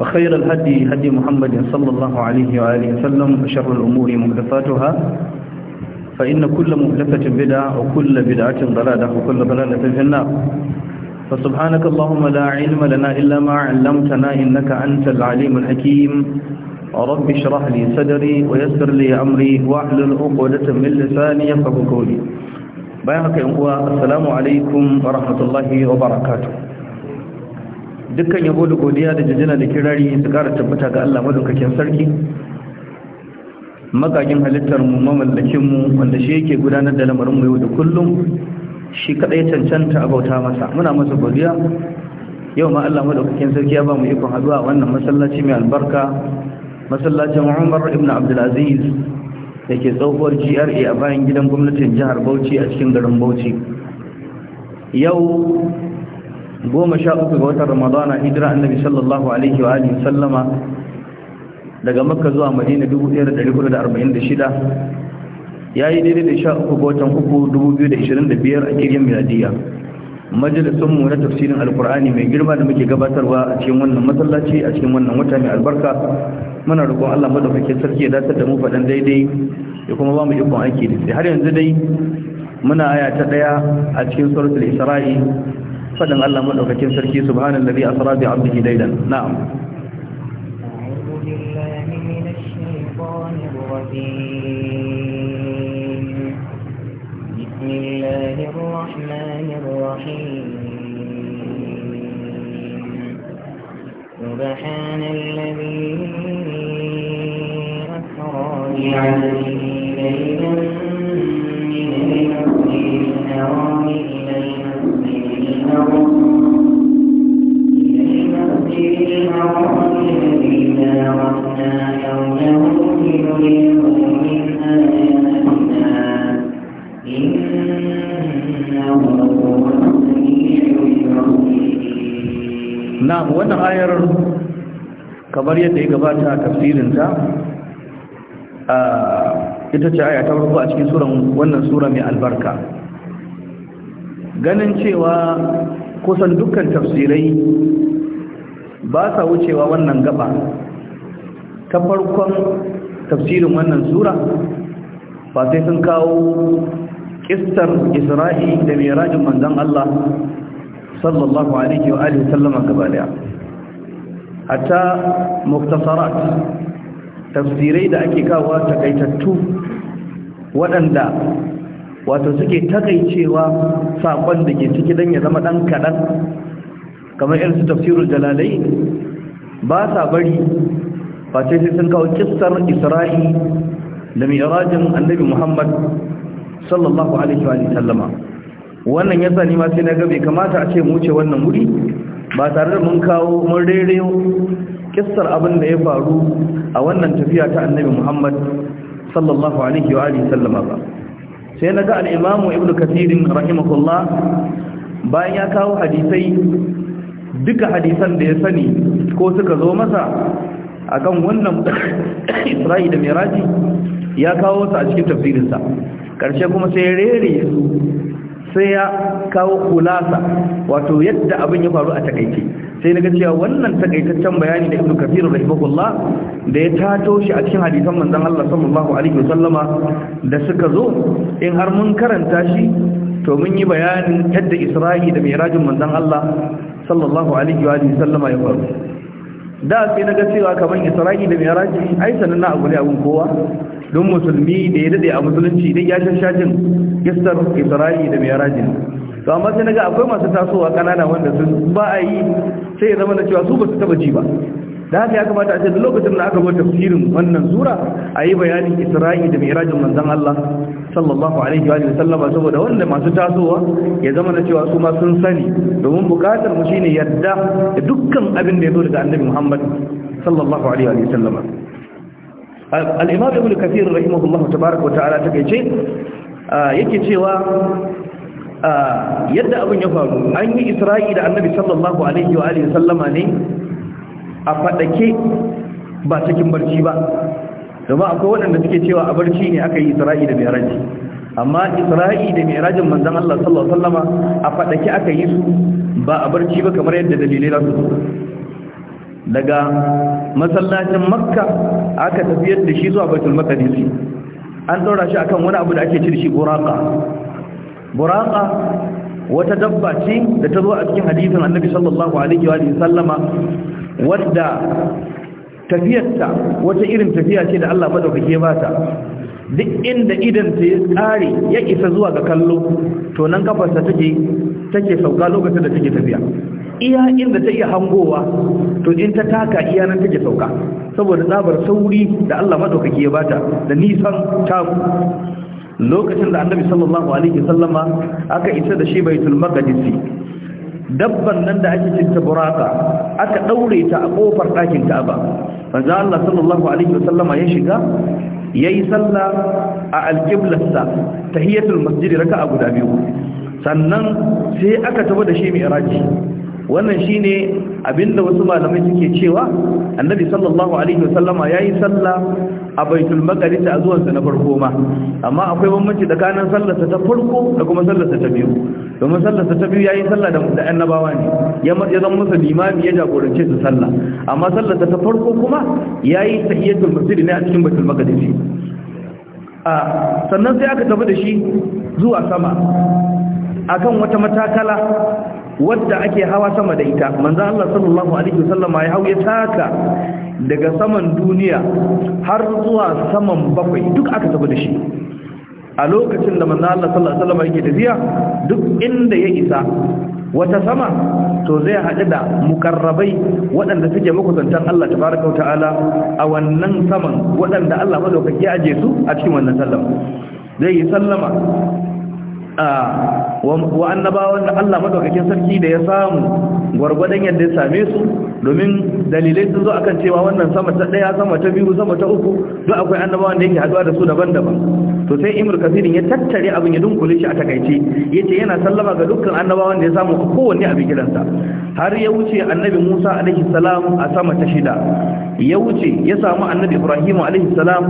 وخير الهدي هدي محمد صلى الله عليه وآله وسلم وشر الأمور مهدفاتها فإن كل مهدفة بدعة وكل بدعة ضلالة وكل ضلالة في النار فسبحانك اللهم لا علم لنا إلا ما علمتنا إنك أنت العليم الحكيم رب اشرح لي صدري ويسر لي أمري واحلل عقدة من لساني يفقه قولي بايعك يا السلام عليكم ورحمة الله وبركاته dukkan yabo da godiya da jijina da kirari su ƙara tabbata ga Allah madaukakin sarki magagin halittar mu mamallakin mu wanda shi yake gudanar da lamarin mu yau da kullum shi kadai cancanta a bauta masa muna masa godiya yau ma Allah madaukakin sarki ya ba mu ikon haduwa wannan masallaci mai albarka masallacin Umar ibn Abdul Aziz dake tsohuwar GRA a bayan gidan gwamnatin jihar Bauchi a cikin garin Bauchi yau goma sha uku ga watan ramadana hijira annabi sallallahu alaihi wa alihi sallama daga makka zuwa madina 1446 yayi daidai da sha uku ga watan uku 2025 a kiryan miladiya majalisun mu na tafsirin alkur'ani mai girma da muke gabatarwa a cikin wannan masallaci a cikin wannan wata mai albarka muna roƙon Allah madaukakin sarki ya dace da mu faɗan daidai ya kuma ba mu ikon aiki da har yanzu dai muna aya ta ɗaya a cikin suratul isra'i فلن ألا ملعك كم سركي سبحان الذي أصرى بعبده ليلا نعم سبحان الذي أسرى بعبده ليلا نعم. من المسجد الحرام Na'am wannan ayar kamar yadda ya gabata a tafsirinta ah, ita ce aya ta farko a cikin suran wannan sura mai albarka ganin cewa kusan dukkan tafsirai ba sa wucewa wannan gaba ta farkon tafsirin wannan sura ba sai sun kawo kistar isra'i da mirajin manzan Allah sallallahu alaihi wa alihi sallama gaba daya hatta muktasarat tafsirai da ake kawo takaitattu waɗanda wato suke takaicewa saƙon da ke ciki don ya zama ɗan kaɗan kamar irin su tafsirul jalalai ba sa bari ba sai sun kawo kissar isra'i da mi'rajin annabi muhammad sallallahu alaihi wa sallama wannan ya ni ma sai na ga bai kamata a ce mu wuce wannan wuri ba tare da mun kawo mun rere kissar abin da ya faru a wannan tafiya ta annabi muhammad sallallahu alaihi wa sallama ba sai na ga al'imamu ibn kasirin rahimahullah bayan ya kawo hadisai duka hadisan da ya sani ko suka zo masa akan wannan isra'i da miraji ya kawo su a cikin tafsirinsa ƙarshe kuma sai ya rere sai ya kawo kulasa wato yadda abin ya faru a takaice sai na cewa wannan takaitaccen bayani da ibnu kathir rahimahullah da ya tato shi a cikin hadisan manzon Allah sallallahu alaihi wasallama da suka zo in har mun karanta shi to mun yi bayanin yadda Isra'i da Mi'rajin manzon Allah sallallahu alaihi wa sallama ya faru da sai na ga cewa kamar Isra'i da Mi'raji ai sanan na abu ne abun kowa don musulmi da ya dade a musulunci dai ya shashajin gistar Isra'i da Mi'rajin to amma sai naga akwai masu tasowa kanana wanda sun ba a yi sai ya zama na cewa su ba su taba ji ba da haka ya kamata a ce duk lokacin da aka zo tafsirin wannan sura a yi bayanin isra'i da mirajin manzon Allah sallallahu alaihi wa sallama saboda wanda masu tasowa ya zama na cewa su ma sun sani domin bukatar mu shine yadda da dukkan abin da ya zo daga annabi Muhammad sallallahu alaihi wa sallam al-imam ibn kathir rahimahullah tabaaraka wa ta'ala take ce yake cewa yadda abin ya faru an yi isra'i da annabi sallallahu alaihi wa alihi sallama ne a fadake ba cikin barci ba kuma akwai waɗanda suke cewa a barci ne aka yi isra'i da mi'raji amma isra'i da mi'rajin manzon Allah sallallahu alaihi sallama a fadake aka yi su ba a barci ba kamar yadda dalilai za su daga masallacin makka aka tafiyar da shi zuwa baitul maqdis an daura shi akan wani abu da ake cire shi buraka buraka wata dabba ce da ta zo a cikin hadisin annabi sallallahu alaihi wa sallama wadda tafiyarta wata irin tafiya ce da Allah madaukake ba ta duk inda idanta yi tsare ya isa zuwa ga kallo to nan kafarsa take take sauka lokacin da take tafiya iya inda ta iya hangowa to in ta taka iya nan take sauka saboda tsabar sauri da Allah madaukake ya bata da nisan taku lokacin da annabi sallallahu alaihi sallama aka isa da shi baitul maqdisi dabban nan da ake cinta buraka aka daure ta a kofar ɗakin Ka'aba manzo Allah sallallahu alaihi sallama ya shiga yayi sallah a alqiblarsa tahiyatul masjid raka'a guda biyu sannan sai aka tafi da shi mi'raji wannan shine abinda wasu malamai suke cewa annabi sallallahu alaihi wasallama yayi sallah a baitul maqdis a zuwansa na farko ma amma akwai bambanci tsakanin sallarsa ta farko da kuma sallarsa ta biyu domin sallarsa ta biyu yayi sallah da annabawa ne ya ya zama musu limami ya jagorance su sallah amma sallarsa ta farko kuma yayi tahiyatul masjid ne a cikin baitul maqdis a sannan sai aka tafi da shi zuwa sama akan wata matakala wadda ake hawa sama da ita manzo Allah sallallahu alaihi wasallam ya ya taka daga saman duniya har zuwa saman bakwai duk aka saba da shi a lokacin da manzo Allah sallallahu alaihi wasallam yake tafiya duk inda ya isa wata sama to zai haɗu da mukarrabai waɗanda suke makusantan Allah tabaraka wa ta'ala a wannan saman waɗanda Allah madaukaki ya aje su a cikin wannan sallama zai yi sallama wa annabawan da Allah madaukakin sarki da ya samu gwargwadon yadda ya same su domin dalilai sun zo akan cewa wannan sama ta daya sama ta biyu sama ta uku duk akwai annabawan da yake haduwa da su daban-daban to sai Imr Kasirin ya tattare abin ya dunkule shi a takaice yace yana sallama ga dukkan annabawan da ya samu kowanne abin gidansa har ya wuce annabi Musa alaihi salam a sama ta shida ya wuce ya samu annabi Ibrahim alaihi salam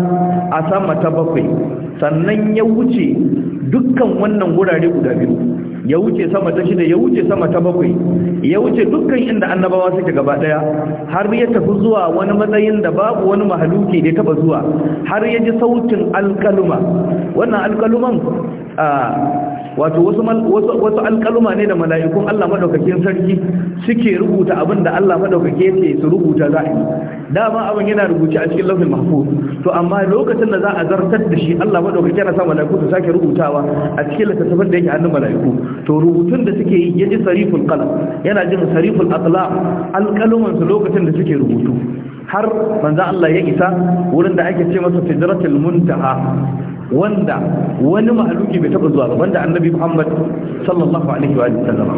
a sama ta bakwai sannan ya wuce dukkan wannan wurare guda biyu ya wuce sama ta shida ya wuce sama ta bakwai ya wuce dukkan inda annabawa suke gaba daya har ya tafi zuwa wani matsayin da babu wani mahaluki da taba zuwa har ya ji sautin alkaluma wannan alkaluman wato wasu wasu alkaluma ne da mala'ikun Allah madaukakin sarki suke rubuta abin da Allah madaukake yake su rubuta za a yi dama abin yana rubuce a cikin lafin mahfuz to amma lokacin da za a zartar da shi Allah madaukake yana sa mala'iku su sake rubutawa a cikin littattafan da yake hannun mala'iku to rubutun da suke yi ya ji sariful qalam yana jin sariful aqlam alqalaman lokacin da suke rubutu har manzo Allah ya isa wurin da ake ce masa sidratul muntaha wanda wani mahaluki bai taɓa zuwa gaban wanda annabi Muhammad sallallahu alaihi wa sallam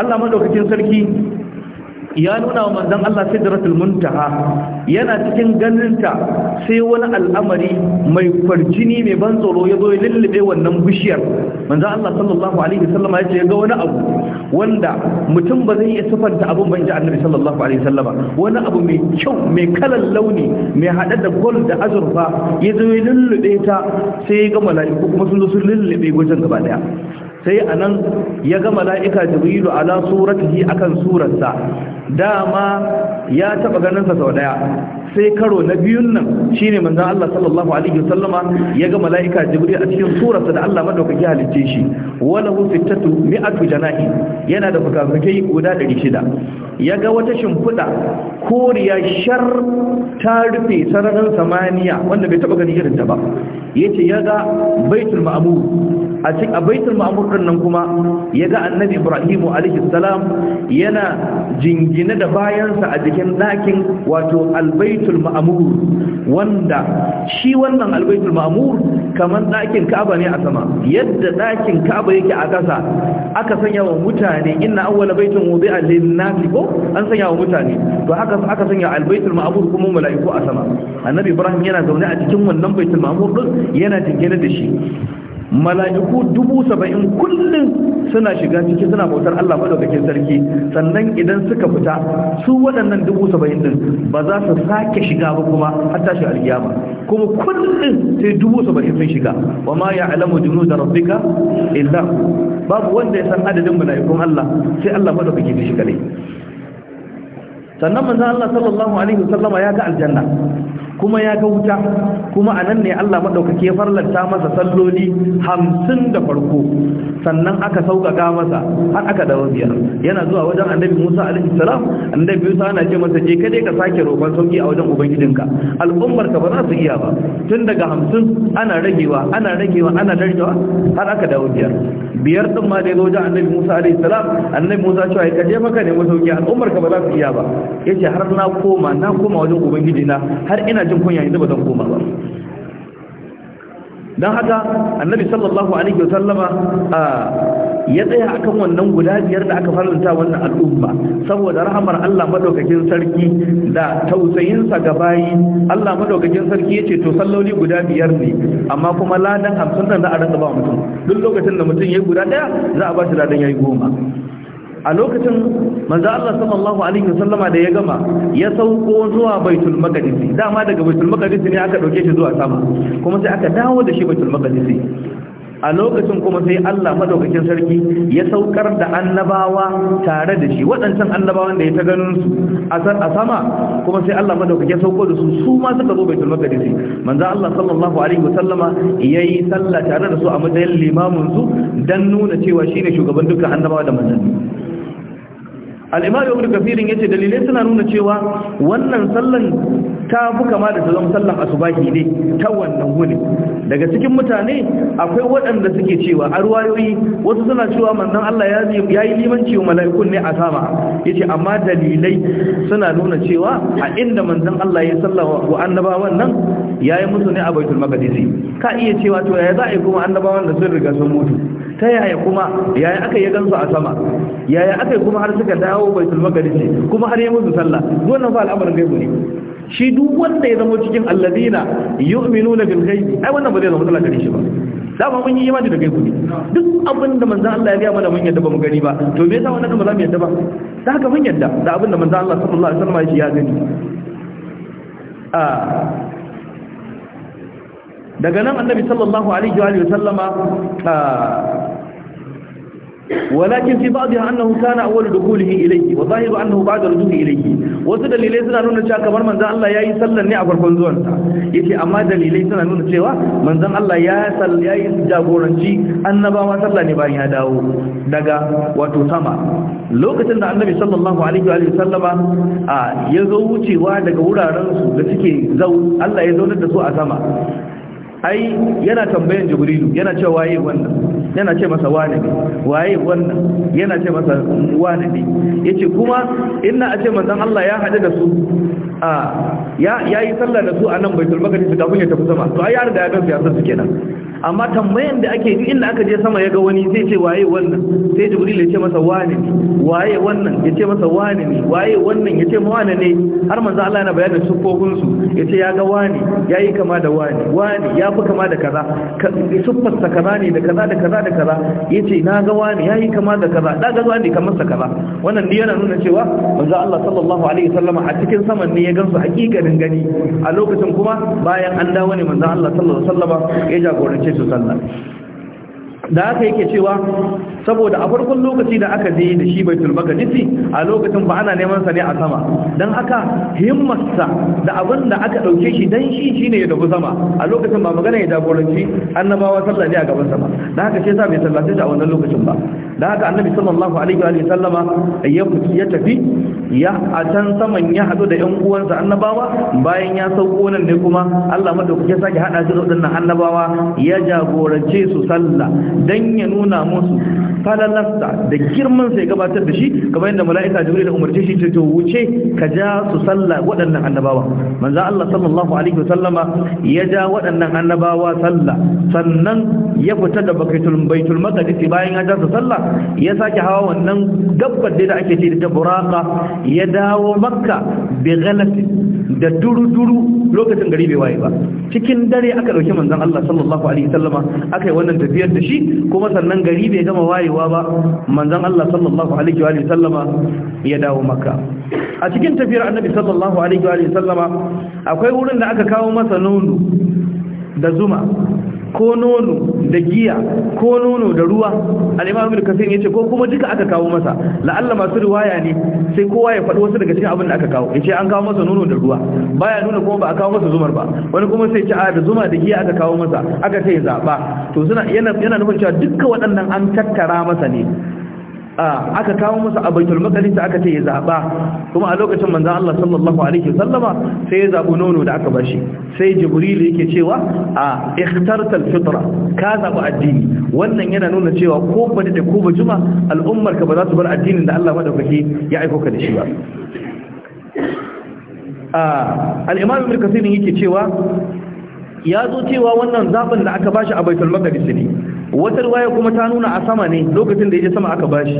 Allah madaukakin sarki ya nuna wa manzon Allah sidratul muntaha yana cikin ganinta sai wani al'amari mai kwarjini mai ban tsoro ya zo ya lullube wannan bishiyar manzon Allah sallallahu alaihi wasallam ya ce ga wani abu wanda mutum ba zai iya sifanta abun ban inji annabi sallallahu alaihi wasallama wani abu mai kyau mai kalan launi mai hada da gold da azurfa ya zo ya lullube ta sai ya ga mala'iku kuma sun zo sun lullube wajen gaba daya sai anan ya ga mala'ika jibrilu ala suratihi akan surarsa dama ya taɓa ganin sa sau daya sai karo na biyun nan shine manzon Allah sallallahu alaihi wasallama ya ga mala'ika jibril a cikin surarsa da Allah madaukaki halicce shi wala hu fitatu mi'atu janahi yana da fukafukai guda 600 ya ga wata shimfiɗa koriya shar ta rufe sararin samaniya wanda bai taɓa gani irin ta ba yace yaga baitul ma'mur a cikin a baitul ma'mur din nan kuma yaga annabi ibrahim alaihi salam yana jingine da bayansa a cikin ɗakin wato albait albaitul ma'amur wanda shi wannan albaitul ma'amur kamar ɗakin ka'aba ne a sama yadda ɗakin ka'aba yake a ƙasa aka sanya wa mutane inna awwala baitin wudi'a lin-nasi ko an sanya wa mutane to haka aka sanya albaitul ma'amur kuma mala'iku a sama annabi ibrahim yana zaune a cikin wannan baitul ma'amur din yana dingine da shi mala'iku dubu saba'in kullum suna shiga ciki suna bautar Allah madaukakin sarki sannan idan suka fita su waɗannan dubu saba'in din ba za su sake shiga ba kuma har tashi alƙiyama kuma kullum sai dubu saba'in sun shiga wa ma ya'lamu junuda rabbika illa babu wanda ya san adadin mala'ikun Allah sai Allah madaukakin shi kadai sannan manzo Allah sallallahu alaihi wasallama ya ga aljanna kuma ya ga wuta kuma a nan ne Allah maɗaukake farlanta masa salloli hamsin da farko sannan aka sauƙaƙa masa har aka dawo biyar yana zuwa wajen annabi musa alaihi salam annabi musa ana ce masa je ka dai ka sake roƙon sauƙi a wajen ubangijinka al'ummar ka ba za su iya ba tun daga hamsin ana ragewa ana ragewa ana ragewa har aka dawo biyar biyar din ma da ya zo wajen annabi musa alaihi salam annabi musa cewa ka je maka nemi sauƙi al'ummar ka ba za su iya ba yace har na koma na koma wajen ubangijina har ina jin kunya yanzu ba zan koma ba don haka annabi sallallahu alaihi wasallama ya tsaya akan wannan guda biyar da aka faranta wannan al'umma saboda rahamar Allah madaukakin sarki da tausayinsa ga bayi Allah madaukakin sarki ce to salloli guda biyar ne amma kuma ladan 50 da za a rasa ba mutum duk lokacin da mutum yi guda ɗaya, za a ba shi ladan yayi goma a lokacin manzo Allah sallallahu alaihi wasallama da ya gama ya sauko zuwa baitul maqdis dama daga baitul maqdis ne aka dauke shi zuwa sama kuma sai aka dawo da shi baitul maqdis a lokacin kuma sai Allah madaukakin sarki ya saukar da annabawa tare da shi waɗancan annabawan da ya ta ganin su a sama kuma sai Allah madaukakin sauko da su su ma suka zo baitul maqdis manzo Allah sallallahu alaihi wasallama yayi sallah tare da su a matsayin limamin su dan nuna cewa shine shugaban dukkan annabawa da manzanni al'imari wani kafirin yace dalilai suna nuna cewa wannan sallan ta fi kama da zama sallan asubahi ne ta wannan wuni daga cikin mutane akwai waɗanda suke cewa a ruwayoyi wasu suna cewa mannan Allah ya yi limanci wa mala'ikun ne a sama ce amma dalilai suna nuna cewa a inda manzan Allah ya sallawa wa annabawan nan yi musu ne a baitul maqdis ka iya cewa to yaya za a yi kuma annabawan da sun riga sun mutu ta yaya kuma yaya aka yi gansu a sama yaya aka yi kuma har suka dawo baitul ce kuma har yi musu sallah wannan fa al'amarin gaibu ne shi duk wanda ya zama cikin alladina yu'minuna bil ghaibi ai wannan ba zai zama sallah gare shi ba ba mun yi imani da gaibu ne duk abin da manzo Allah ya ga mana mun yadda ba mu gani ba to me yasa wannan ba za mu yadda ba da haka mun yadda da abin da manzo Allah sallallahu alaihi wasallam ya ya gani a ah. daga nan annabi sallallahu alaihi wa sallama ah, walakin ولكن في بعضها أنه كان أول دخوله إليه وظاهر أنه بعد رجوله إليه wasu dalilai suna nuna cewa kamar manzon Allah yayi sallan ne a farkon zuwansa yace amma dalilai suna nuna cewa manzon Allah ya sall yayi jagoranci annabawa sallah ne bayan ya dawo daga wato sama lokacin da annabi sallallahu alaihi wa sallama ah, ya zo wucewa daga wuraren su da suke zau Allah ya zaunar da su a sama ai yana tambayan jibrilu yana cewa waye wannan yana ce masa wane ne waye wannan yana ce masa wane ne yace kuma inna a ce manzon Allah ya hadu da su a ya yayi sallah da su a nan baitul maqdis kafin ya tafi sama to ai ya riga ya ga siyasa su kenan amma tambayan da ake yi inda aka je sama ya ga wani sai ce waye wannan sai jibril ya ce masa wane ne waye wannan ya ce masa wane ne waye wannan ya ce wane ne har manzo Allah yana bayanin sufofin su ya ce ya ga wane yayi kama da wane wane ya fi kama da kaza sufasta kaza ne da kaza da kaza da kaza ya ce na ga wani ya yi kama da kaza da ga wani kamar sa kaza wannan ne yana nuna cewa manzo Allah sallallahu alaihi wasallam a cikin saman ne ya gansu hakikanin gani a lokacin kuma bayan an dawo ne manzo Allah sallallahu alaihi wasallam ya jagorance su sallah da aka yake cewa saboda a farkon lokaci da aka je da shi baitul maqdisi a lokacin ba ana neman sa ne a sama dan haka himmarsa da abin da aka ɗauke shi dan shi shine ya dafu sama a lokacin ba magana ya jagoranci annabawa sallah ne a gaban sama da haka sai sa bai sallace shi a wannan lokacin ba da haka annabi sallallahu alaihi wa sallama ya fiti ya tafi ya a can saman ya hadu da yan uwansa annabawa bayan ya sauko nan ne kuma Allah madaukake ya sake hada shi da waɗannan annabawa ya jagorance su sallah dan ya nuna musu falalarsa da girman sai gabatar da shi kamar yadda mala'ika jibril umarce shi ce to wuce ka ja su sallah waɗannan annabawa manzo Allah sallallahu alaihi wasallama ya ja waɗannan annabawa sallah sannan ya fita da baitul baitul maqdis bayan ya ja su sallah ya sake hawa wannan dabbar da ake ce da buraqa ya dawo makka bi ghalati da duru-duru lokacin gari bai waye ba cikin dare aka dauki manzon Allah sallallahu alaihi wasallama aka yi wannan tafiyar da shi kuma sannan gari bai gama waye dawowa ba manzon Allah sallallahu alaihi wa sallama ya dawo makka a cikin tafiyar annabi sallallahu alaihi wa sallama akwai wurin da aka kawo masa nono da zuma ko nono da giya ko nono da ruwa al da ibn kasir yace ko kuma duka aka kawo masa la'alla masu riwaya ne sai kowa ya faɗi wasu daga cikin abin da aka kawo yace an kawo masa nono da ruwa baya nuna kuma ba a kawo masa zumar ba wani kuma sai ce a da zuma da giya aka kawo masa aka ce zaba to suna yana yana nufin cewa dukkan waɗannan an tattara masa ne aka kawo masa a baitul maqdis aka ce ya zaba kuma a lokacin manzon Allah sallallahu alaihi sallama sai ya zabo nono da aka bashi sai jibril yake cewa a ikhtarta alfitra ka zaba addini wannan yana nuna cewa ko ba da ko ba juma al'ummar ka ba za su bar addinin da Allah madaukake ya aiko ka da shi ba al-imam ibn kasir yake cewa ya zo cewa wannan zaɓin da aka bashi a baitul maqdis ne wata ruwaya kuma ta nuna a sama ne lokacin da ya je sama aka bashi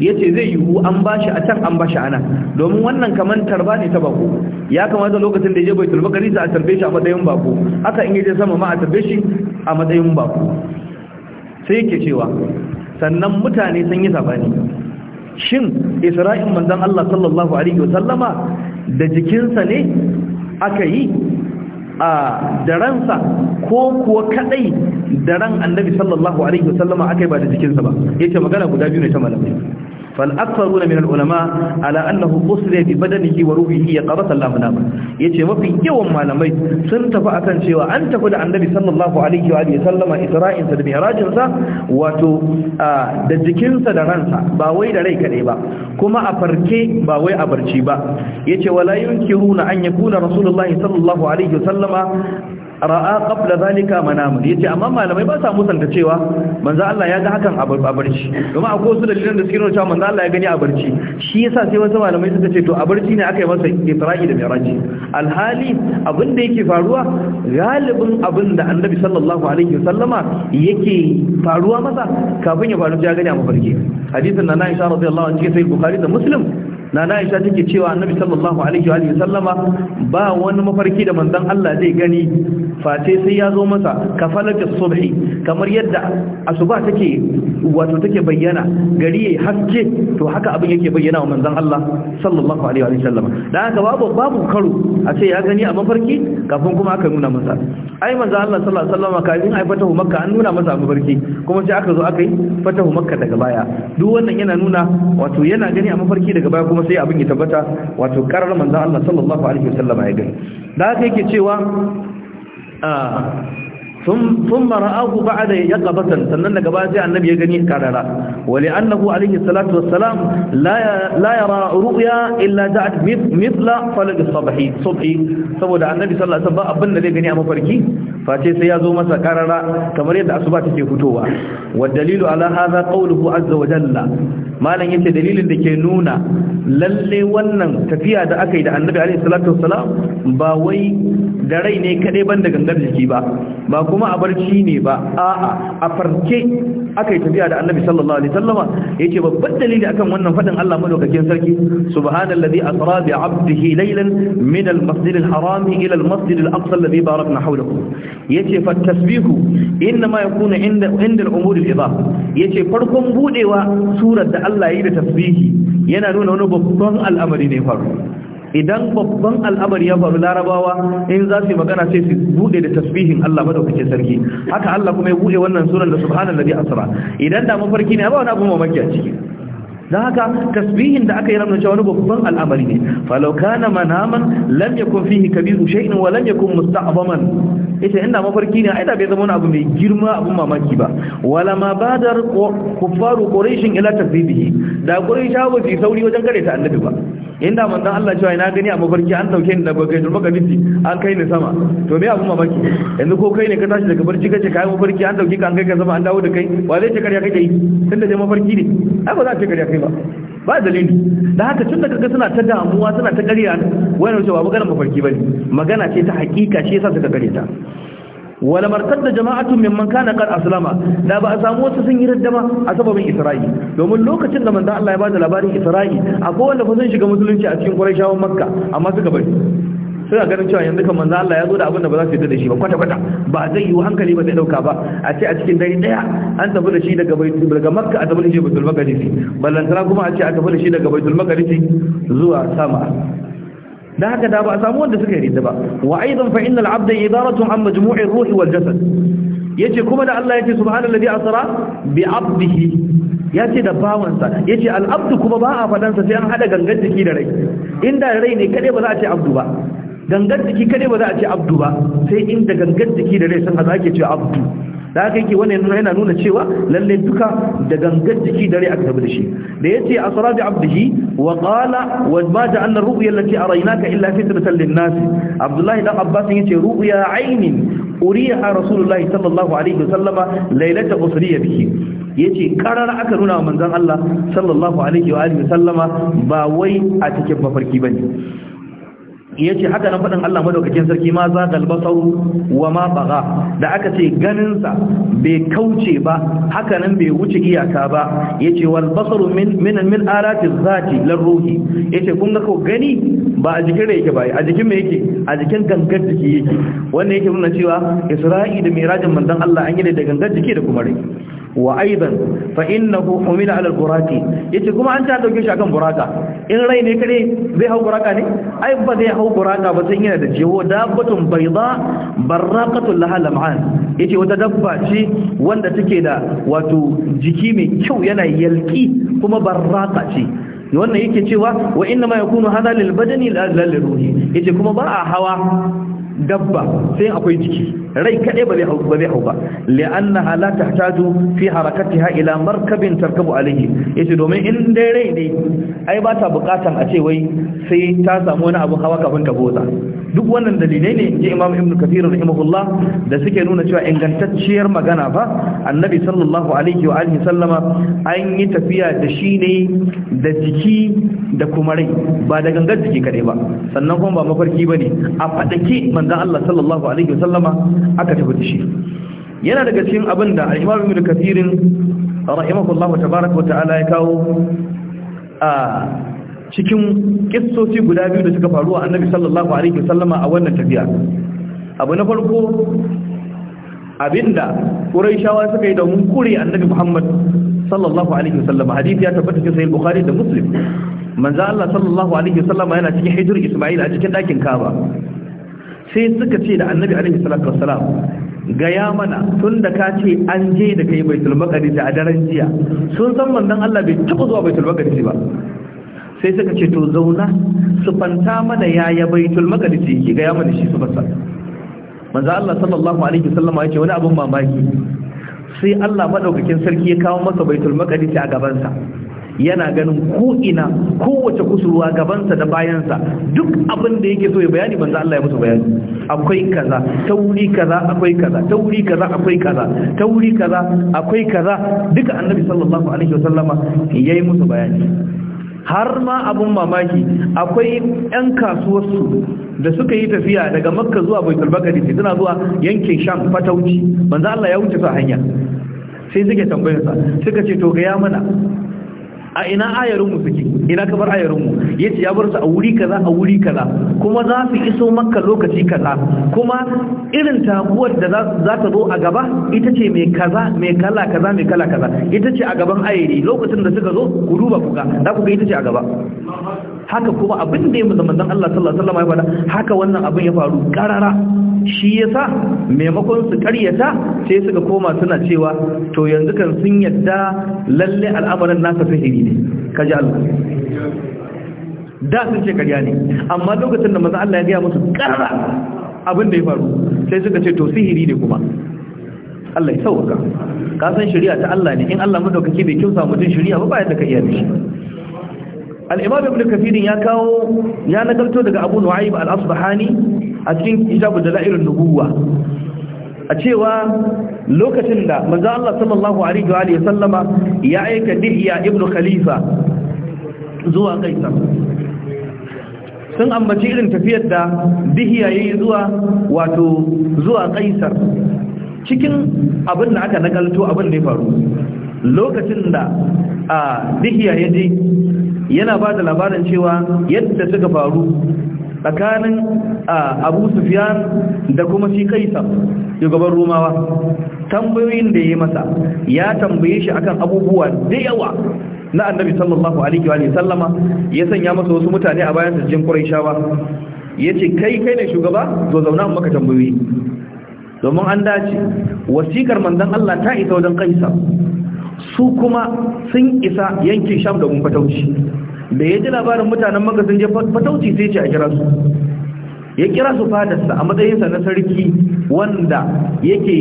ya ce zai yiwu an bashi a can an bashi ana domin wannan kamar tarba ne ta bako ya kamata lokacin da ya je bai tulba gari a tarbe shi a matsayin bako haka in ya je sama ma a tarbe shi a matsayin bako sai yake cewa sannan mutane sun yi sabani shin Isra'il manzon Allah sallallahu alaihi wasallama da jikinsa ne aka yi a da ransa ko kuwa kadai da ran annabi sallallahu alaihi wasallama akai ba da jikinsa ba yace magana guda biyu ne ta malamai fal aktharuna min ulama ala annahu usriya bi badanihi wa ruhihi ya qabata Allah yace mafi yawan malamai sun tafi akan cewa an tafi da annabi sallallahu alaihi wa sallama isra'in sa da mihrajin sa wato da jikinsa da ransa ba wai da rai kadai ba kuma a farke ba wai a barci ba yace wala yunkiruna an yakuna rasulullahi sallallahu alaihi wa sallama ra'a qabla zalika manam yace amma malamai ba sa musanta cewa manzo Allah ya ga hakan a barci kuma akwai wasu dalilan da suke nuna cewa manzo Allah ya gani a barci shi yasa sai wasu malamai suka ce to a barci ne aka yi masa Isra'i da Mi'raj alhali abin da yake faruwa galibin abin da Annabi sallallahu alaihi wasallama yake faruwa masa kafin ya faru ya gani a mafarki hadisin nan Aisha radiyallahu anha cikin sahih Bukhari da Muslim nana aisha take cewa annabi sallallahu alaihi wa sallama ba wani mafarki da manzon Allah zai gani face sai ya zo masa kafalata subhi kamar yadda asuba take wato take bayyana gari yayi haske to haka abin yake bayyana wa manzon Allah sallallahu alaihi wa sallama dan haka babu babu karo a ce ya gani a mafarki kafin kuma aka nuna masa ai manzon Allah sallallahu alaihi wa sallama kafin ai fatahu makka an nuna masa mafarki kuma sai aka zo aka yi fatahu makka daga baya duk wannan yana nuna wato yana gani a mafarki daga baya kuma kuma sai abin ya tabbata wato karar manzon Allah sallallahu alaihi wasallama ya gani da haka yake cewa ah, mara abu ba ya ثم رآه بعد يقظة سنن قبازي النبي يغني كارلا ولأنه عليه الصلاة والسلام لا لا يرى رؤيا إلا جاءت مثل فلق الصبح صبحي saboda annabi sallallahu alaihi wasallam abin da zai gani a mafarki face sai ya zo masa karara kamar yadda asuba take fitowa wa dalilu ala hadha qawluhu azza wa jalla malan yace dalilin da ke nuna lalle wannan tafiya da aka yi da annabi alaihi salatu wasallam ba wai da rai ne kadai ban da gangar jiki ba ba kuma a barci ne ba a'a a farke aka yi tafiya da annabi sallallahu alaihi wasallama yace babban dalili akan wannan fadin Allah madaukakin sarki subhanallazi asra bi 'abdihi laylan min al-masjid al-haram ila al-masjid al-aqsa alladhi barakna hawlahu yace fa tasbihu inma yakunu inda inda al-umur al-idah yace farkon budewa surar da Allah ya yi da tasbihi yana nuna wani babban al'amari ne faru idan babban al'amari ya faru larabawa in za su yi magana sai su buɗe da tasbihin Allah madaukakin sarki haka Allah kuma ya buɗe wannan suran da Subhanan subhanallahi asra idan da mafarki ne ba wani abu mamaki a ciki don haka tasbihin da aka yi ranar cewa wani babban al'amari ne falauka na manaman lam yakun fihi kabiru shay'in wa lam yakun musta'zaman ita inda mafarki ne aida bai zama wani abu mai girma abun mamaki ba wala ma badar kuffaru quraish ila tasbihi da quraish ba su sauri wajen kare ta annabi ba inda manzon Allah cewa na gani a mafarki an dauke ni daga gaitul maqdisi an kai ni sama to me abun mamaki yanzu ko kai ne ka tashi daga barci kace kai mafarki an dauke ka an kai ka sama an dawo da kai wa zai ce kariya kake yi tunda dai mafarki ne ai ba za ce kariya kai ba ba dalili da haka tun da kaga suna ta damuwa suna ta kariya wani wace ba magana mafarki bane magana ce ta hakika ce yasa suka kare ta wala martar da jama'atu mimman kana qad aslama da ba a samu wasu sun yi raddama a sababin isra'i domin lokacin da manzo Allah ya bada labarin isra'i akwai wanda fa sun shiga musulunci a cikin quraishawan makka amma suka bari suna ganin cewa yanzu kan manzo Allah ya zo da abin da ba za su yi da shi ba kwata kwata ba zai yi hankali ba zai dauka ba a ce a cikin dare daya an tafi da shi daga baitul daga makka a tafi da shi baitul maqdis ballantana kuma a ce a tafi da shi daga baitul maqdis zuwa sama da haka da ba a samu wanda suka yi ridda ba wa aidan fa innal abda idaratu an majmu'ir ruhi wal jasad ce kuma da Allah ya ce yace subhanallazi asra bi abdihi ce da bawansa Ya ce al'abdu kuma ba a fadan sai an haɗa gangan jiki da rai inda rai ne kade ba za a ce abdu ba gangan jiki kade ba za a ce abdu ba sai inda gangan jiki da rai sun hada ake ce abdu da haka yake wannan yana nuna cewa lalle duka da gangan jiki dare aka tabbata shi da yace asrabi abdihi wa qala wa ma ja'alna ru'ya allati araynaka illa fitratan lin-nas abdullahi dan abbas yace ru'ya aynin uriya rasulullahi sallallahu alaihi wasallama lailata usriya bihi yace karar aka nuna wa manzon Allah sallallahu alaihi wa alihi wasallama ba wai a cikin mafarki bane yace haka nan fadin Allah madaukakin sarki ma za galbasaru wa ma baga da aka ce ganinsa bai kauce ba haka nan bai wuce iyaka ba yace wal min min min zati lar yace kun ga ko gani ba a jikin rai yake ba a jikin me yake a jikin gangar jiki yake wannan yake nuna cewa Isra'i da Mirajin manzon Allah an yi da gangar jiki da kuma rai wa aidan fa innahu umila ala al yace kuma an ta dauke shi akan buraka in rai ne kare zai hau buraka ne ai ba zai hau buraka ba sai yana da jewo dabbatun bayda barraqatul laha lam'an yace wata dabba ce wanda take da wato jiki mai kyau yana yalki kuma barraka ce wannan yake cewa wa inna ma yakunu hadha lil badani la lil ruhi yace kuma ba a hawa dabba sai akwai jiki rai kadai ba zai hau ba zai halata ta li'annaha la tahtaju fi harakatiha ila markabin tarkabu alayhi yace domin in dai rai ne ai ba ta bukatan a ce wai sai ta samu wani abu hawa kafin ta boza duk wannan dalilai ne inji imam ibnu kathir rahimahullah da suke nuna cewa ingantacciyar magana ba annabi sallallahu alaihi wa alihi sallama an yi tafiya da shi ne da jiki da kuma rai ba da gangar jiki kadai ba sannan kuma ba mafarki bane a fadake manzon Allah sallallahu alaihi wa sallama aka tafi da shi yana daga cikin abin da al-imam ibn kathirin rahimahullahu tabaaraka wa ta'ala ya kawo a cikin kissoci guda biyu da suka faru a annabi sallallahu alaihi wasallama a wannan tafiya abu na farko abinda quraishawa suka yi da mun kure annabi muhammad sallallahu alaihi wasallama hadisi ya tabbata cikin sahih bukhari da muslim manzo Allah sallallahu alaihi wasallama yana cikin hijr isma'il a cikin dakin kaaba sai suka ce da annabi alaihi salatu wassalam gaya mana tun da ka ce an je da kai baitul maqdis a daren jiya sun san manzon Allah bai taba zuwa baitul maqdis ba sai suka ce to zauna su fanta mana yaya baitul maqdis yake gaya mana shi su fasa manzo Allah sallallahu alaihi wasallam ya ce wani abun mamaki sai Allah madaukakin sarki ya kawo masa baitul maqdis a gaban sa yana ganin ko ina kowace kusurwa gabansa da bayansa duk abin da yake so ya bayani manzo Allah ya musu bayani akwai kaza ta wuri kaza akwai kaza ta wuri kaza akwai kaza ta wuri kaza akwai kaza duka annabi sallallahu alaihi wasallama yayi musu bayani har ma abun mamaki akwai 'yan kasuwarsu da suka yi tafiya daga makka zuwa baitul bakari sai suna zuwa yankin sham fatauci manzo Allah ya wuce ta hanya sai suke tambayarsa suka ce to ga ya mana a ina ayarinmu suke ina kamar ayarinmu ya ce ya bar su a wuri kaza a wuri kaza kuma za su iso makka lokaci kaza kuma irin taguwar da za ta zo a gaba ita ce mai kaza mai kala kaza mai kala kaza ita ce a gaban ayari lokacin da suka zo ku duba ku ga za ku ga ita ce a gaba haka kuma abin da ya mu manzon Allah sallallahu alaihi wasallam ya faɗa haka wannan abin ya faru karara shi yasa maimakon su ƙaryata sai suka koma suna cewa to yanzu kan sun yadda lalle al'amarin nasa hiri ne kaji Allah da sun ce ƙarya ne amma lokacin da manzon Allah ya ga musu karara abin da ya faru sai suka ce to sihiri ne kuma Allah ya sauka ka san shari'a ta Allah ne in Allah madaukake bai kyauta mutum shari'a ba ba yadda ka iya mishi al-imam ibn kathir ya kawo ya nagarto daga abu nu'aib al-asbahani a cikin da la'irin nubuwa a cewa lokacin da manzo Allah sallallahu alaihi wa sallama ya aika Dihya ibn Khalifa zuwa Kaisar sun ambaci irin tafiyar da Dihya yayi zuwa wato zuwa Kaisar cikin abin da aka nagarto abin da ya faru lokacin da a Dihya ya je yana ba da labarin cewa yadda suka faru tsakanin abu sufiyan da kuma shi kaisa shugaban romawa tambayoyin da ya masa ya tambaye shi akan abubuwa da yawa na annabi sallallahu alaihi wa sallama ya sanya masa wasu mutane a bayan sajjin Ya ce kai kai ne shugaba to zauna mu maka tambayoyi domin an dace wasikar manzon Allah ta isa wajen kaisa su kuma sun isa yankin sham da mun fatauci da ya ji labarin mutanen maka sun je fatauci sai ce a kira su ya kira su fadarsa a matsayinsa na sarki wanda yake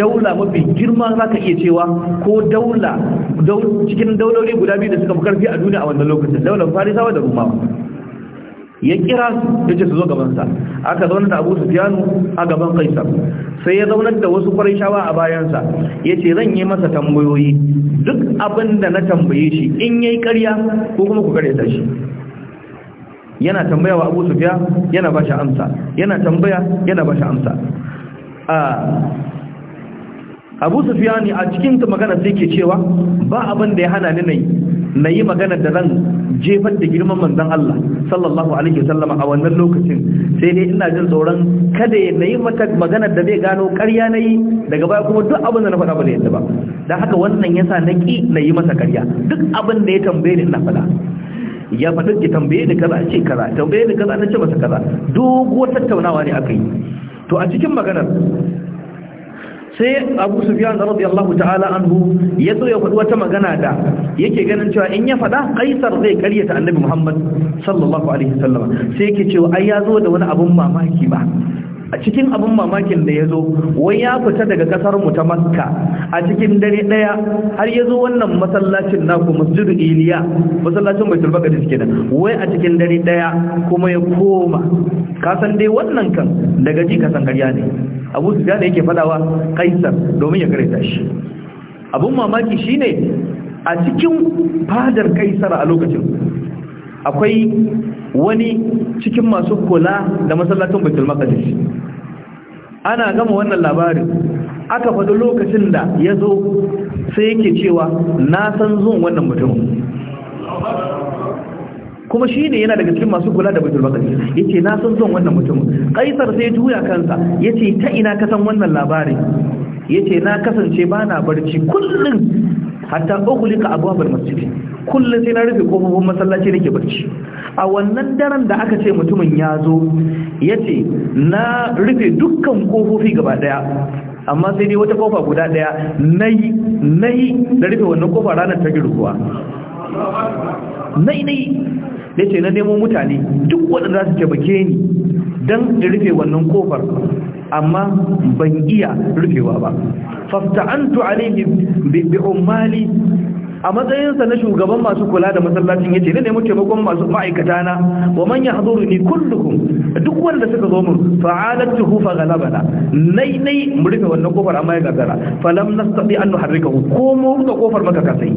daula mafi girma za ka iya cewa ko daula cikin daulauri guda biyu da suka fi karfi a duniya a wannan lokacin daular farisawa da rumawa ya kira da ya ce su zo gabansa aka zaunar da abu sufiyanu a gaban kaisar sai ya zaunar da wasu shawa a bayansa ya ce zan yi masa tambayoyi duk abin da na tambaye shi in ya yi karya ko kuma ku ta shi yana tambaya wa abu fiya, yana ba shi amsa yana tambaya yana ba shi amsa ah, abu sufiyani a cikin ta magana sai ke cewa ba abin da ya hana ni nayi nayi magana da zan jefar da girman manzon Allah sallallahu alaihi wasallam a wannan lokacin sai dai ina jin tsoron kada ya nayi mata magana da zai gano ƙarya nayi daga baya kuma duk abin da na faɗa ba da yadda ba dan haka wannan yasa na ki nayi masa ƙarya duk abin da ya tambaye ni ina faɗa ya faɗi ki tambaye ni kaza ce kaza tambaye ni kaza na ce masa kaza duk wata tattaunawa ne aka yi to a cikin maganar sai abu sufiyan da radiyallahu ta'ala anhu ya zo ya faɗi wata magana da yake ganin cewa in ya faɗa kaisar zai ta annabi muhammad sallallahu alaihi wasallam sai yake cewa ai ya zo da wani abun mamaki ba a cikin abun mamakin da ya zo wai ya fita daga kasar mu ta makka a cikin dare daya har ya zo wannan masallacin naku masjidu iliya masallacin baitul maqdis nan wai a cikin dare daya kuma ya koma ka san dai wannan kan daga ji ka san ƙarya ne abu su da yake fadawa kaisar domin ya kare shi abun mamaki shi ne a cikin fadar kaisar a lokacin akwai wani cikin masu kula da masallacin baitul makadis ana gama wannan labarin aka faɗi lokacin da ya zo sai yake cewa na san zuwan wannan mutumin kuma shi ne yana daga cikin masu kula da baitul maqdis yace na san son wannan mutumin kaisar sai juya kansa yace ta ina ka san wannan labarin yace na kasance bana barci kullun hatta ughlika abwabul masjid kullun sai na rufe kofofin masallaci nake barci a wannan daren da aka ce mutumin ya zo yace na rufe dukkan kofofi gaba daya amma sai dai wata kofa guda daya nayi nayi da rufe wannan kofa ranar ta girkuwa nai nai Yace ce na nemo mutane duk waɗanda za su taimake ni don rufe wannan kofar amma ban iya rufewa ba fasta'antu alaihi bi ummali a matsayinsa na shugaban masu kula da masallacin yace ne nemi taimakon masu ma'aikata na wa man yahduru ni kullukum duk wanda suka zo mun fa'alatuhu fa ghalabana na, na, mu rufe wannan kofar amma ya gagara falam nastati an nuharrikahu ko mu rufe kofar maka kasai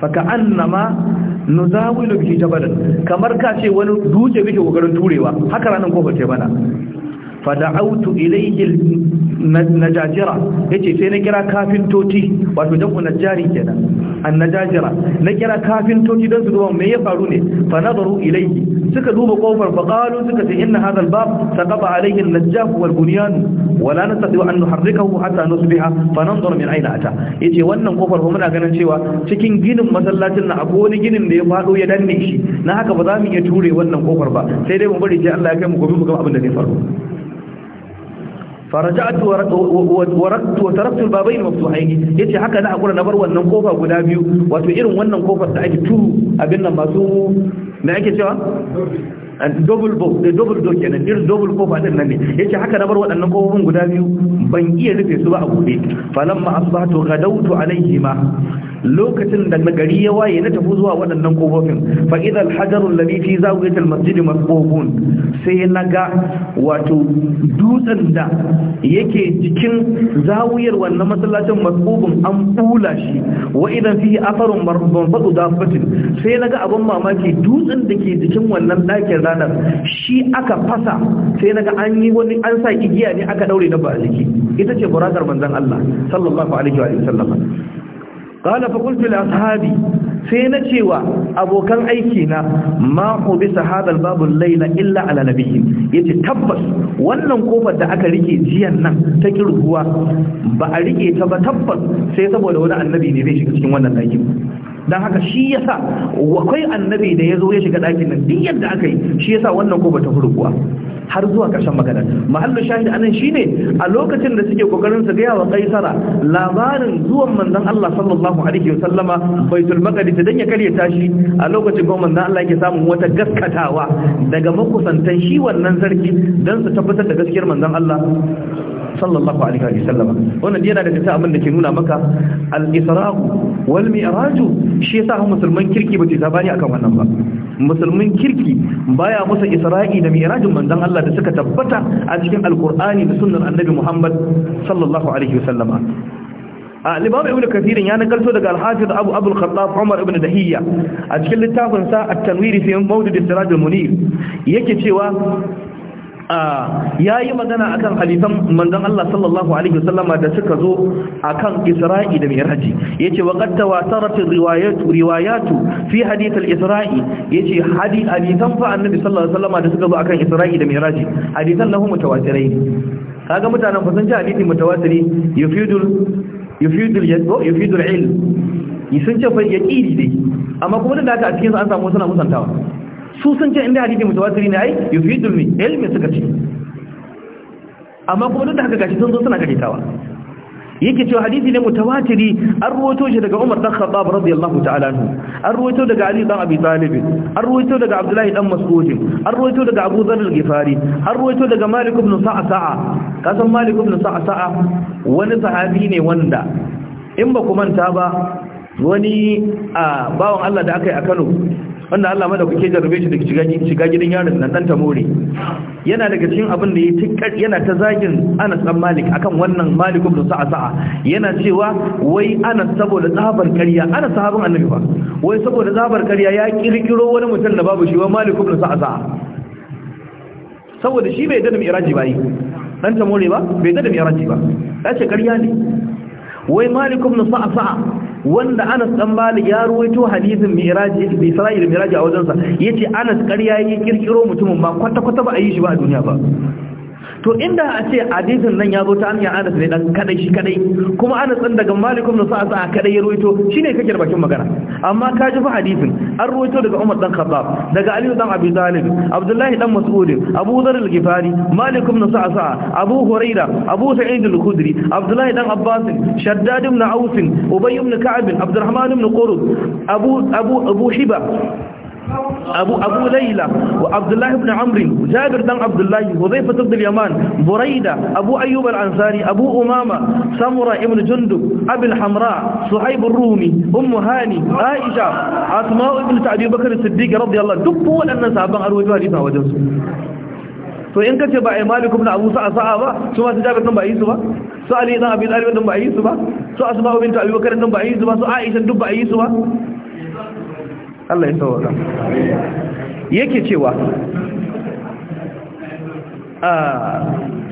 fa ka'annama nuzawilu bihi jabalan kamar kace wani dutse muke kokarin turewa haka ranan kofar ce bana fada'autu ilayhi najajira yace sai na kira kafintoci wato dan unajari kenan an najajira na kira kafintoti dan su duba me ya faru ne fa nazaru ilayhi suka duba kofar fa qalu suka ce inna hadha albab saqaba alayhi an-najjaf wal bunyan wala nastati an nuharrikahu hatta nusbiha fa nanzur min ayna ata yace wannan kofar ba muna ganin cewa cikin ginin masallacin na akwai wani ginin da ya fado ya danne shi na haka ba za mu iya ture wannan kofar ba sai dai mu bari sai Allah ya kai mu gobe mu ga abin da zai faru فرجعت وردت وتركت البابين مفتوحين yace haka na hakura na bar wannan kofa guda biyu wato irin wannan kofar da ake turu abin nan masu da ake cewa double box da double door kenan irin double kofa din nan ne yace haka na bar waɗannan kofofin guda biyu ban iya rufe su ba a gobe falamma asbahtu ghadawtu alayhima lokacin da na gari ya waye na tafi zuwa waɗannan kofofin fa idza al-hajaru alladhi fi zawiyati al-masjid sai wato dutsen da yake cikin zawuyar wannan masallacin masqufun an bula shi wa idan fihi afarun marbun fadu dafatin sai naga abun mamaki dutsen da ke cikin wannan ɗakin ranar shi aka fasa sai naga an yi wani an sa igiya ne aka daure na ba a jiki ita ce burakar manzon Allah sallallahu alaihi wa sallam qala fa qultu li ashabi sai na cewa abokan aiki na ma bi sahabal babul laila illa ala nabiyyin yace tabbas wannan kofar da aka rike jiyan nan ta kirguwa ba a rike ta ba tabbas sai saboda wani annabi ne zai shiga cikin wannan ɗakin don haka shi yasa akwai annabi da ya zo ya shiga ɗakin nan duk yadda aka yi shi yasa wannan ko bata furguwa. har zuwa ƙarshen magana mahallu shahid anan ne a lokacin da suke kokarin su gaya wa kaisara labarin zuwan manzon Allah sallallahu alaihi sallama baitul maqdis dan ya kare shi a lokacin ko manzon Allah yake samun wata gaskatawa daga makusantan shi wannan sarki dan su tabbatar da gaskiyar manzon Allah sallallahu alaihi wa sallam wannan yana daga cikin abin da ke nuna maka al-isra'u wal mi'raju shi yasa musulman kirki ba ce sabani akan wannan ba musulmin kirki baya musa isra'i da mi'rajin manzon Allah da suka tabbata a cikin Alkur'ani da sunnar annabi Muhammad sallallahu alaihi wa sallama A imam ibnu kathir ya nakalto daga al-hafiz abu abu khattab umar ibn dahiyya a cikin littafin sa at-tanwir fi mawdud as munir yake cewa ya yi magana akan hadisan manzon Allah sallallahu alaihi wasallama da suka zo akan Isra'i da mi'raji. Ya ce wakatta tawatarat riwayatu riwayatu fi hadith al-Isra'i yace hadi hadisan fa da sallallahu alaihi wasallama da suka zo akan Isra'i da mi'raji. hadisan lahu mutawatirai kaga mutanen fa sun ji hadisi mutawatiri yufidul yufidul yadbo yufidul ilm sun ce fa yaqili dai amma kuma da haka a cikin su an samu suna musantawa su sun ce inda hadisi mutawatiri ne ai yufidul mi ilmi suka ce amma kuma duk da haka gashi sun zo suna karitawa yake cewa hadisi ne mutawatiri an ruwaito shi daga Umar dan Khattab radiyallahu ta'ala anhu an ruwaito daga Ali dan Abi Talib an ruwaito daga Abdullahi dan Mas'ud an ruwaito daga Abu Dharr al-Ghifari an ruwaito daga Malik ibn Sa'sa'a kasan Malik ibn Sa'sa'a wani sahabi ne wanda in ba ku manta ba wani a bawon Allah da aka yi a Kano wanda Allah ma da kuke jarrabe shi daga shiga gidan yaron nan dan tamore yana daga cikin abin da ya tikkar yana ta zagin Anas dan Malik akan wannan Malik ibn Sa'a Sa'a yana cewa wai Anas saboda zabar kariya Anas sahabin Annabi ba wai saboda zabar kariya ya kirkiro wani mutum da babu shi wa Malik ibn Sa'a Sa'a saboda shi bai da miraji ba yi dan tamore ba bai da miraji ba ya ce ƙarya ne wai Malik ibn Sa'a Sa'a wanda Anas dan Malik ya ruwaito hadisin Mi'raj bi Isra'il Mi'raj a wajensa yace Anas ƙarya yake kirkiro mutumin ba kwata kwata ba a yi shi ba a duniya ba to inda a ce hadisin nan ya zo ta hanyar Anas ne dan kadai shi kadai kuma Anas din daga Malik ibn Sa'ad a kadai ya ruwaito shine kake da bakin magana amma ka ji fa hadisin an ruwaito daga Umar dan Khattab daga Ali dan Abi Talib Abdullahi dan Mas'ud Abu Dharr al-Ghifari Malik ibn Abu Huraira, Abu Sa'id al-Khudri Abdullahi dan Abbas Shaddad ibn Auf Ubay ibn Ka'b Abdurrahman ibn Qurud Abu Abu Abu Hiba abu abu laila wa abdullahi ibn amr jabir dan abdullahi huzaifa ibn yaman buraida abu ayyub al-ansari abu umama samura ibn jundub abul hamra suhaib ar-rumi ummu hani aisha asma ibn abi bakr as-siddiq radiyallahu duk waɗannan sahabban arwayo hadisi a wajen su to in kace ba ai malik ibn abu sa'a sa'a ba su ma jabir din ba yi su ba su ali ibn abi talib din ba yi su ba su asma bint abi bakr din ba yi su ba su aisha duk ba yi su ba Allah ya sauwaka yake cewa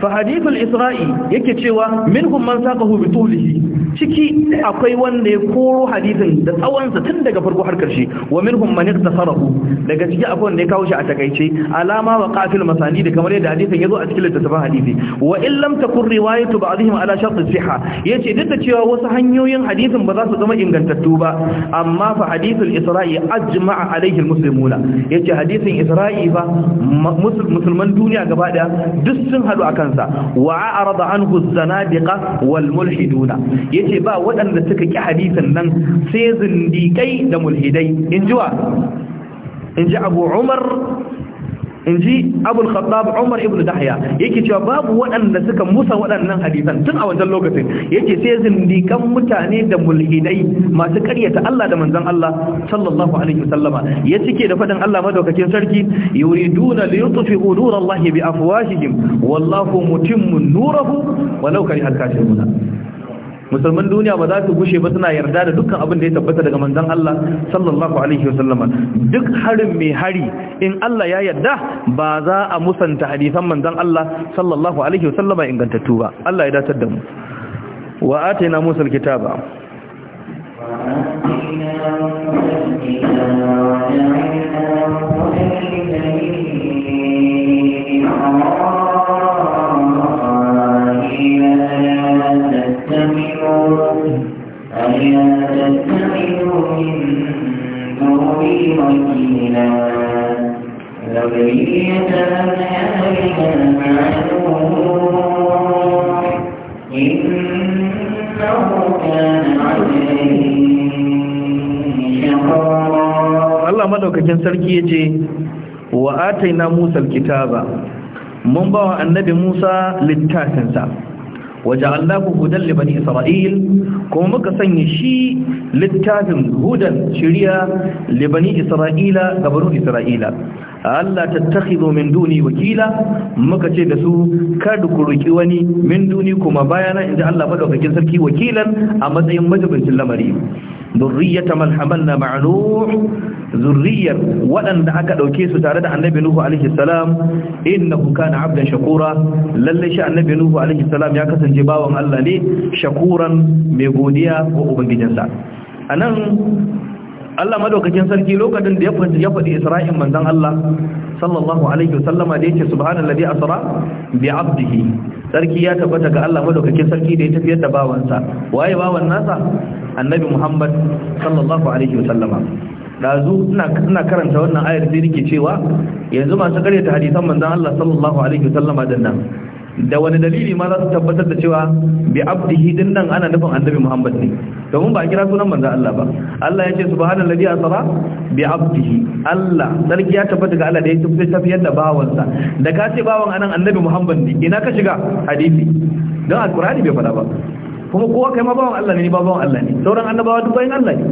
fa hadithul isra'i yake cewa minhum man saqahu bi tulihi ciki akwai wanda ya koro hadithin da tsawon sa tun daga farko har karshe wa minhum man ikhtasarahu daga ciki akwai wanda ya kawo shi a takaice alama wa qafil masani da kamar yadda hadithin yazo a cikin littafin hadisi wa in lam takun riwayatu ba'dihim ala shart as-sihha yace duk da cewa wasu hanyoyin hadithin ba za su zama ingantattu ba amma fa hadithul isra'i ajma'a Alayhi al-muslimuna yace hadithin isra'i ba musulman duniya gaba daya duk sun haɗu a kansa wa arada anhu zanadiqa wal mulhiduna yace ba waɗanda suka ƙi hadisin nan sai zindiƙai da mulhidai inji wa ji Abu Umar in ji abul khattab umar ibn dahya yake cewa babu waɗanda suka musa waɗannan hadisan tun a wancan lokacin yake sai zindikan mutane da mulhidai masu karyata Allah da manzon Allah sallallahu alaihi wasallama ya cike da faɗin Allah madaukakin sarki yuriduna li yutfi'u nurallahi bi afwahihim wallahu mutimmu nurahu walau kariha al-kafirun musulman duniya ba za su gushe ba suna yarda da dukkan abin da ya tabbata daga manzon Allah sallallahu alaihi wasallam duk harin mai hari in Allah ya yarda ba za a musanta hadisan manzon Allah sallallahu alaihi wasallam ingantattu ba Allah ya datar da mu wa atayna musul kitaba وآتينا فلا من وكيلا ذرية إنه كان Allah madaukakin sarki ya ce wa'atai na Musa alkitaba mun bawa annabi Musa littafinsa waje hudan li bani isra'il kuma muka sanya shi littafin hudan shari'a li bani isra'ila ga bani isra'ila Allah tattakhidhu min duni wakila muka ce da su kada ku ruki wani min duni kuma bayana inda Allah madaukakin sarki wakilan a matsayin majibincin lamari durriyatan man hamalna ma'nuh zurriyar waɗanda aka ɗauke su tare da annabi Nuhu alaihi salam innahu kana abdan shakura lalle shi annabi Nuhu alaihi salam ya kasance bawan Allah ne shakuran mai godiya ga ubangijinsa anan Allah madaukakin sarki lokacin da ya faɗi Isra'il manzon Allah sallallahu alaihi wasallama da yake subhanallazi asra bi 'abdihi sarki ya tabbata ga Allah madaukakin sarki da ya tafiyar da bawansa waye bawan nasa annabi Muhammad sallallahu alaihi wasallama dazu ina karanta wannan ayar sai nake cewa yanzu masu karyata hadisan manzon Allah sallallahu alaihi wasallam da nan da wani dalili ma za su tabbatar da cewa bi abdihi din nan ana nufin annabi Muhammad ne domin ba a kira sunan manzon Allah ba Allah ya ce subhanallazi asra bi abdihi Allah sarki ya tabbata ga Allah da ya tafi tafiyar da bawansa da ka ce bawan anan annabi Muhammad ne ina ka shiga hadisi don alqur'ani bai faɗa ba kuma kowa kai ma bawan Allah ne ni ba bawan Allah ne sauran annabawa duk bayan Allah ne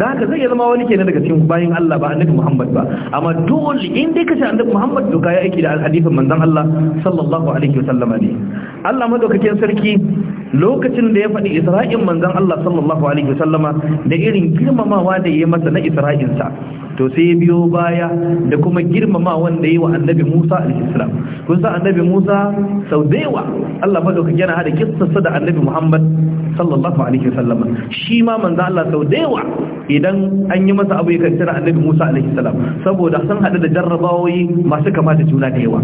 da haka zai zama wani kenan daga cikin bayin Allah ba annabi Muhammad ba amma dole in dai kace annabi Muhammad to kai aiki da hadisin manzon Allah sallallahu alaihi wasallama ne Allah madaukakin sarki lokacin da ya faɗi Isra'in manzon Allah sallallahu alaihi wasallama da irin girmamawa da ya yi masa na Isra'in sa to sai ya biyo baya da kuma girmama wanda yi wa annabi Musa alaihissalam kun san annabi Musa sau da yawa Allah madaukaki yana hada kissarsa da annabi Muhammad sallallahu alaihi wasallam shi ma manzo Allah sau da yawa idan an yi masa abu yakan tira annabi Musa alaihi salam saboda san hada da jarrabawoyi masu kama da juna da yawa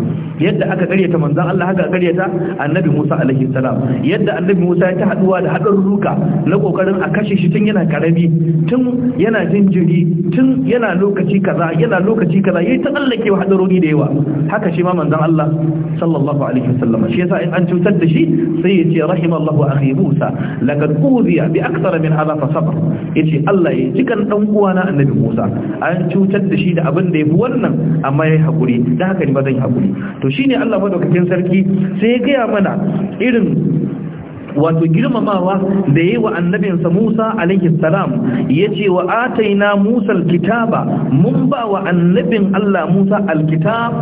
yadda aka karyata manzo Allah haka karyata annabi Musa alaihi salam. yadda annabi Musa ya ta haduwa da hadarruka na kokarin a kashe shi tun yana karami tun yana jin jinjiri tun yana lokaci kaza yana lokaci kaza yayi ta tsallake wa hadarori da yawa haka shi ma manzon Allah sallallahu alaihi wasallam shi yasa in an cutar da shi sai yace rahimallahu akhi Musa laqad uziya bi akthar min hadha fa sabr yace Allah ya jikan dan uwana annabi Musa an cutar da shi da abin da yafi wannan amma yayi hakuri dan haka ne ba yi hakuri to shine Allah madaukakin sarki sai ya gaya mana irin wato girmamawa da yi wa annabinsa Musa alaihi ya yace wa ataina Musa alkitaba mun ba wa annabin Allah Musa alkitab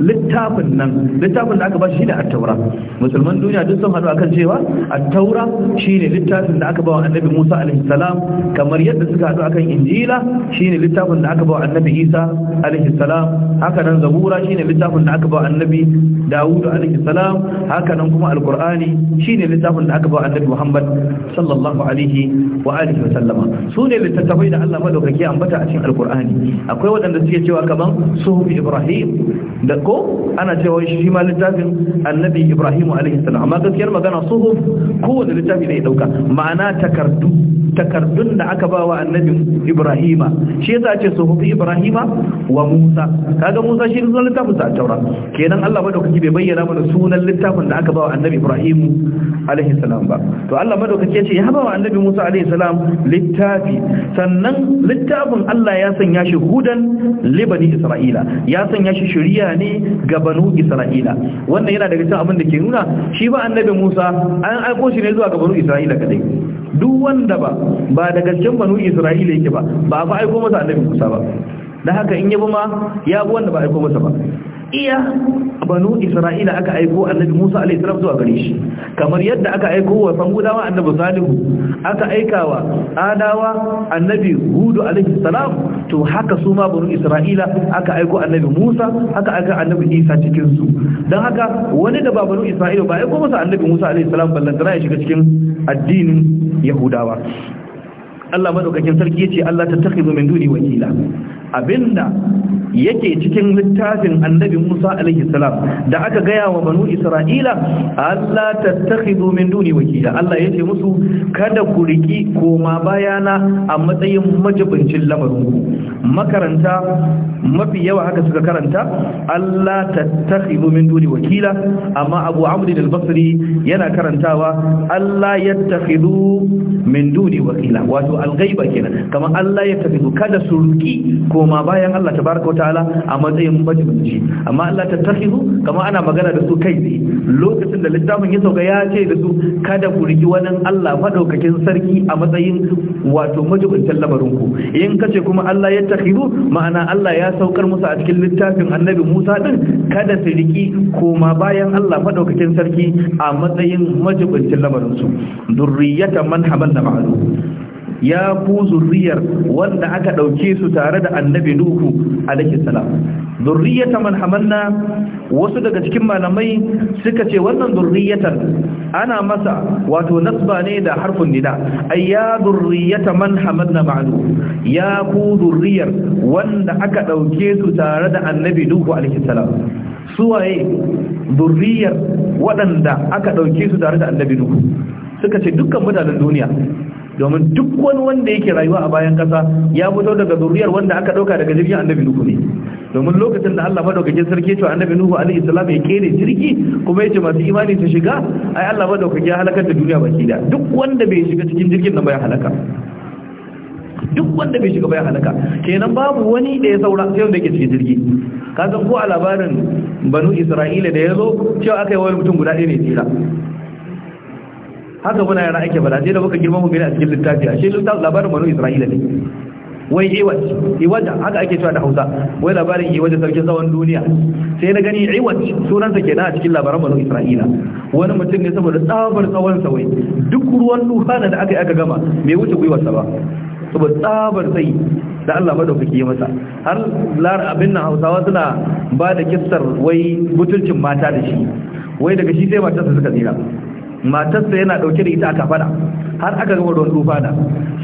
littafin nan littafin da aka ba shi ne at-taura musulman duniya duk sun hadu akan cewa at-taura shine littafin da aka ba wa annabi Musa alaihi salam kamar yadda suka hadu akan injila shine littafin da aka ba wa annabi Isa alaihi salam haka nan zabura shine littafin da aka ba wa annabi Dawud alaihi salam haka nan kuma al-Qur'ani shine littafin da aka ba wa annabi Muhammad sallallahu alaihi wa alihi wa sallama su ne littattafai da Allah madaukaki ambata a cikin al akwai waɗanda suke cewa kaman suhuf Ibrahim da ko ana cewa shi ma littafin annabi ibrahimu alaihi salam amma gaskiyar magana suhuf kowane littafi ne ya dauka ma'ana takardu takardun da aka bawa annabi ibrahima shi yasa ce suhufi ibrahima wa musa kaga musa shi ne sunan littafin sa taura kenan Allah madaukaki bai bayyana mana sunan littafin da aka bawa annabi ibrahimu alaihi salam ba to Allah madaukaki yace ya bawa annabi musa alaihi salam littafi sannan littafin Allah ya sanya shi hudan libani isra'ila ya sanya shi shari'a ne ga banu isra'ila wannan yana daga cikin abin da ke nuna shi ba annabi musa an aiko shi ne zuwa ga banu isra'ila kadai duk wanda ba ba daga cikin banu isra'ila yake ba ba ba aiko masa annabi musa ba da haka in yabo ma ya bi wanda ba aiko masa ba iya banu isra'ila aka aiko annabi musa alaihi salam zuwa gare shi kamar yadda aka aiko wa gudawa annabi salihu aka aikawa adawa annabi hudu alaihi salam to haka su ma banu isra'ila aka aiko annabi musa haka aka annabi isa cikin su dan haka wani da ba banu isra'ila ba aiko musa annabi musa alaihi salam ballantana ya shiga cikin addinin yahudawa Allah madaukakin sarki ce Allah ta min duni wakila abinda yake cikin littafin annabi Musa alaihi salam da aka gaya wa banu Isra'ila Allah ta takhizu min duni wakila Allah yace musu kada ku riki koma bayana a matsayin majibincin lamarin makaranta mafi yawa haka suka karanta Allah ta takhizu min duni wakila amma Abu Amr al-Basri yana karantawa Allah yattakhidhu min duni wakila wato al-ghaiba kenan kamar Allah ya tafi kada su koma bayan Allah tabaraka wataala a matsayin majibi amma Allah ta tafihu kamar ana magana da su kai ne. lokacin da littafin ya sauka ya ce da su kada ku riki wani Allah madaukakin sarki a matsayin wato majibin lamarin ku in kace kuma Allah ya tafihu ma'ana Allah ya saukar musu a cikin littafin Annabi Musa din kada su riki koma bayan Allah madaukakin sarki a matsayin majibin lamarinsu. su durriyata man hamalna ma'ruf ya ku zurriyar wanda aka ɗauke su tare da annabi nuhu alaihi salam zurriyatan man hamalna wasu daga cikin malamai suka ce wannan zurriyatan ana masa wato nasba ne da harfin nida ay ya zurriyata man hamalna ma'nu ya ku zurriyar wanda aka ɗauke su tare da annabi nuhu alaihi salam suwaye zurriyar waɗanda aka ɗauke su tare da annabi nuhu suka ce dukkan mutanen duniya domin duk wani wanda yake rayuwa a bayan kasa ya fito daga zuriyar wanda aka dauka daga jirgin annabi nuhu ne domin lokacin da Allah madaukakin sarki ya ce annabi nuhu alaihi salam ya kere jirgi kuma ya ce masu imani su shiga ai Allah madaukakin ya halaka da duniya baki da duk wanda bai shiga cikin jirgin nan ba ya halaka duk wanda bai shiga bai halaka kenan babu wani da ya saura sai wanda yake cikin jirgi ka san ko a labarin banu isra'ila da ya zo cewa aka yi wani mutum guda ɗaya ne tsira haka muna yara ake bada sai da muka girma mu gani a cikin littafi Ashe shi littafi labarin manu isra'ila ne wai iwaj iwaja haka ake cewa da hausa wai labarin da sarkin tsawon duniya sai na gani sunan sa ke a cikin labaran manu isra'ila wani mutum ne saboda tsabar tsawon sa wai duk ruwan duhana da aka yi aka gama bai wuce gwiwarsa ba saboda tsabar sai da Allah madaukaki ya masa har lar abin nan Hausawa suna ba da kissar wai butulcin mata da shi wai daga shi sai matarsa suka tsira matarsa yana dauke da ita aka kafada har aka gama ruwan tufana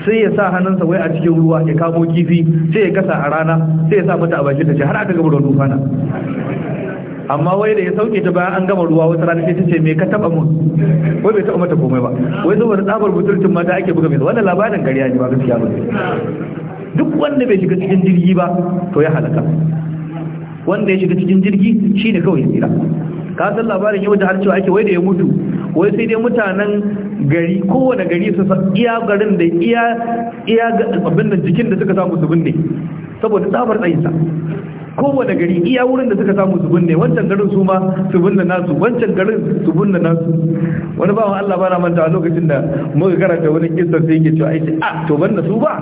sai ya sa hannunsa wai a cikin ruwa ya kamo kifi sai ya kasa a rana sai ya sa mata a bakin ta ce har aka gama ruwan tufana amma wai da ya sauke ta bayan an gama ruwa wata rana sai ta ce me ka taba mun wai bai taba mata komai ba wai saboda tsabar butulcin mata ake buga mai wannan labarin gariya ne ba gaskiya ba duk wanda bai shiga cikin jirgi ba to ya halaka wanda ya shiga cikin jirgi shine kawai ya tsira ka san labarin yau da har cewa ake wai da ya mutu wai sai dai mutanen gari kowane gari su iya garin da iya abin da jikin da suka samu su binne saboda tsabar tsayinsa kowane gari iya wurin da suka samu su binne wancan garin su ma su binne nasu wancan garin su binne nasu wani bawan Allah bana manta a lokacin da muka karanta wani kissa sai yake cewa aiki a ah, to banda su ba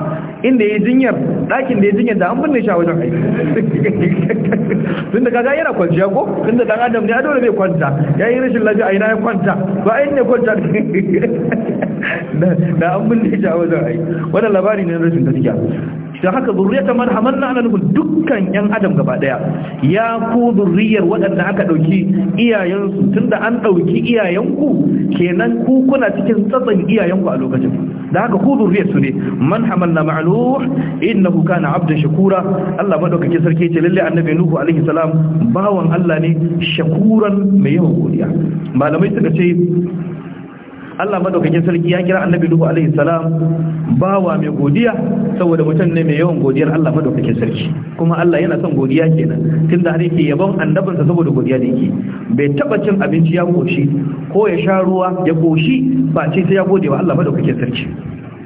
inda ya jinyar dakin da ya jinyar da an binne shi a wajen aiki tunda kaga yana kwanciya ko tunda dan adam ne a dole bai kwanta yayi rashin lafiya a ina ya kwanta ba a ne kwanta da an binne shi a yi wannan labari ne na rashin gaskiya don haka ta marhamar na ala dukkan yan adam gaba daya ya ku zurriyar waɗanda aka ɗauki iyayensu tunda an ɗauki iyayenku kenan ku kuna cikin tsatsan iyayenku a lokacin da haka ku zurriyar su ne man hamalna ma'luh kuka kana abdin shakura Allah maɗaukaki sarki ce lallai annabi nuhu alaihi salam bawan Allah ne shakuran mai yawan godiya malamai suka ce Allah madaukakin sarki ya kira annabi Nuhu alaihi salam bawa mai godiya saboda mutum ne mai yawan godiyar Allah madaukakin sarki kuma Allah yana son godiya kenan tunda har yake yabon annabinsa saboda godiya da yake bai taba cin abinci ya koshi ko ya sha ruwa ya koshi ba ce sai ya gode wa Allah madaukakin sarki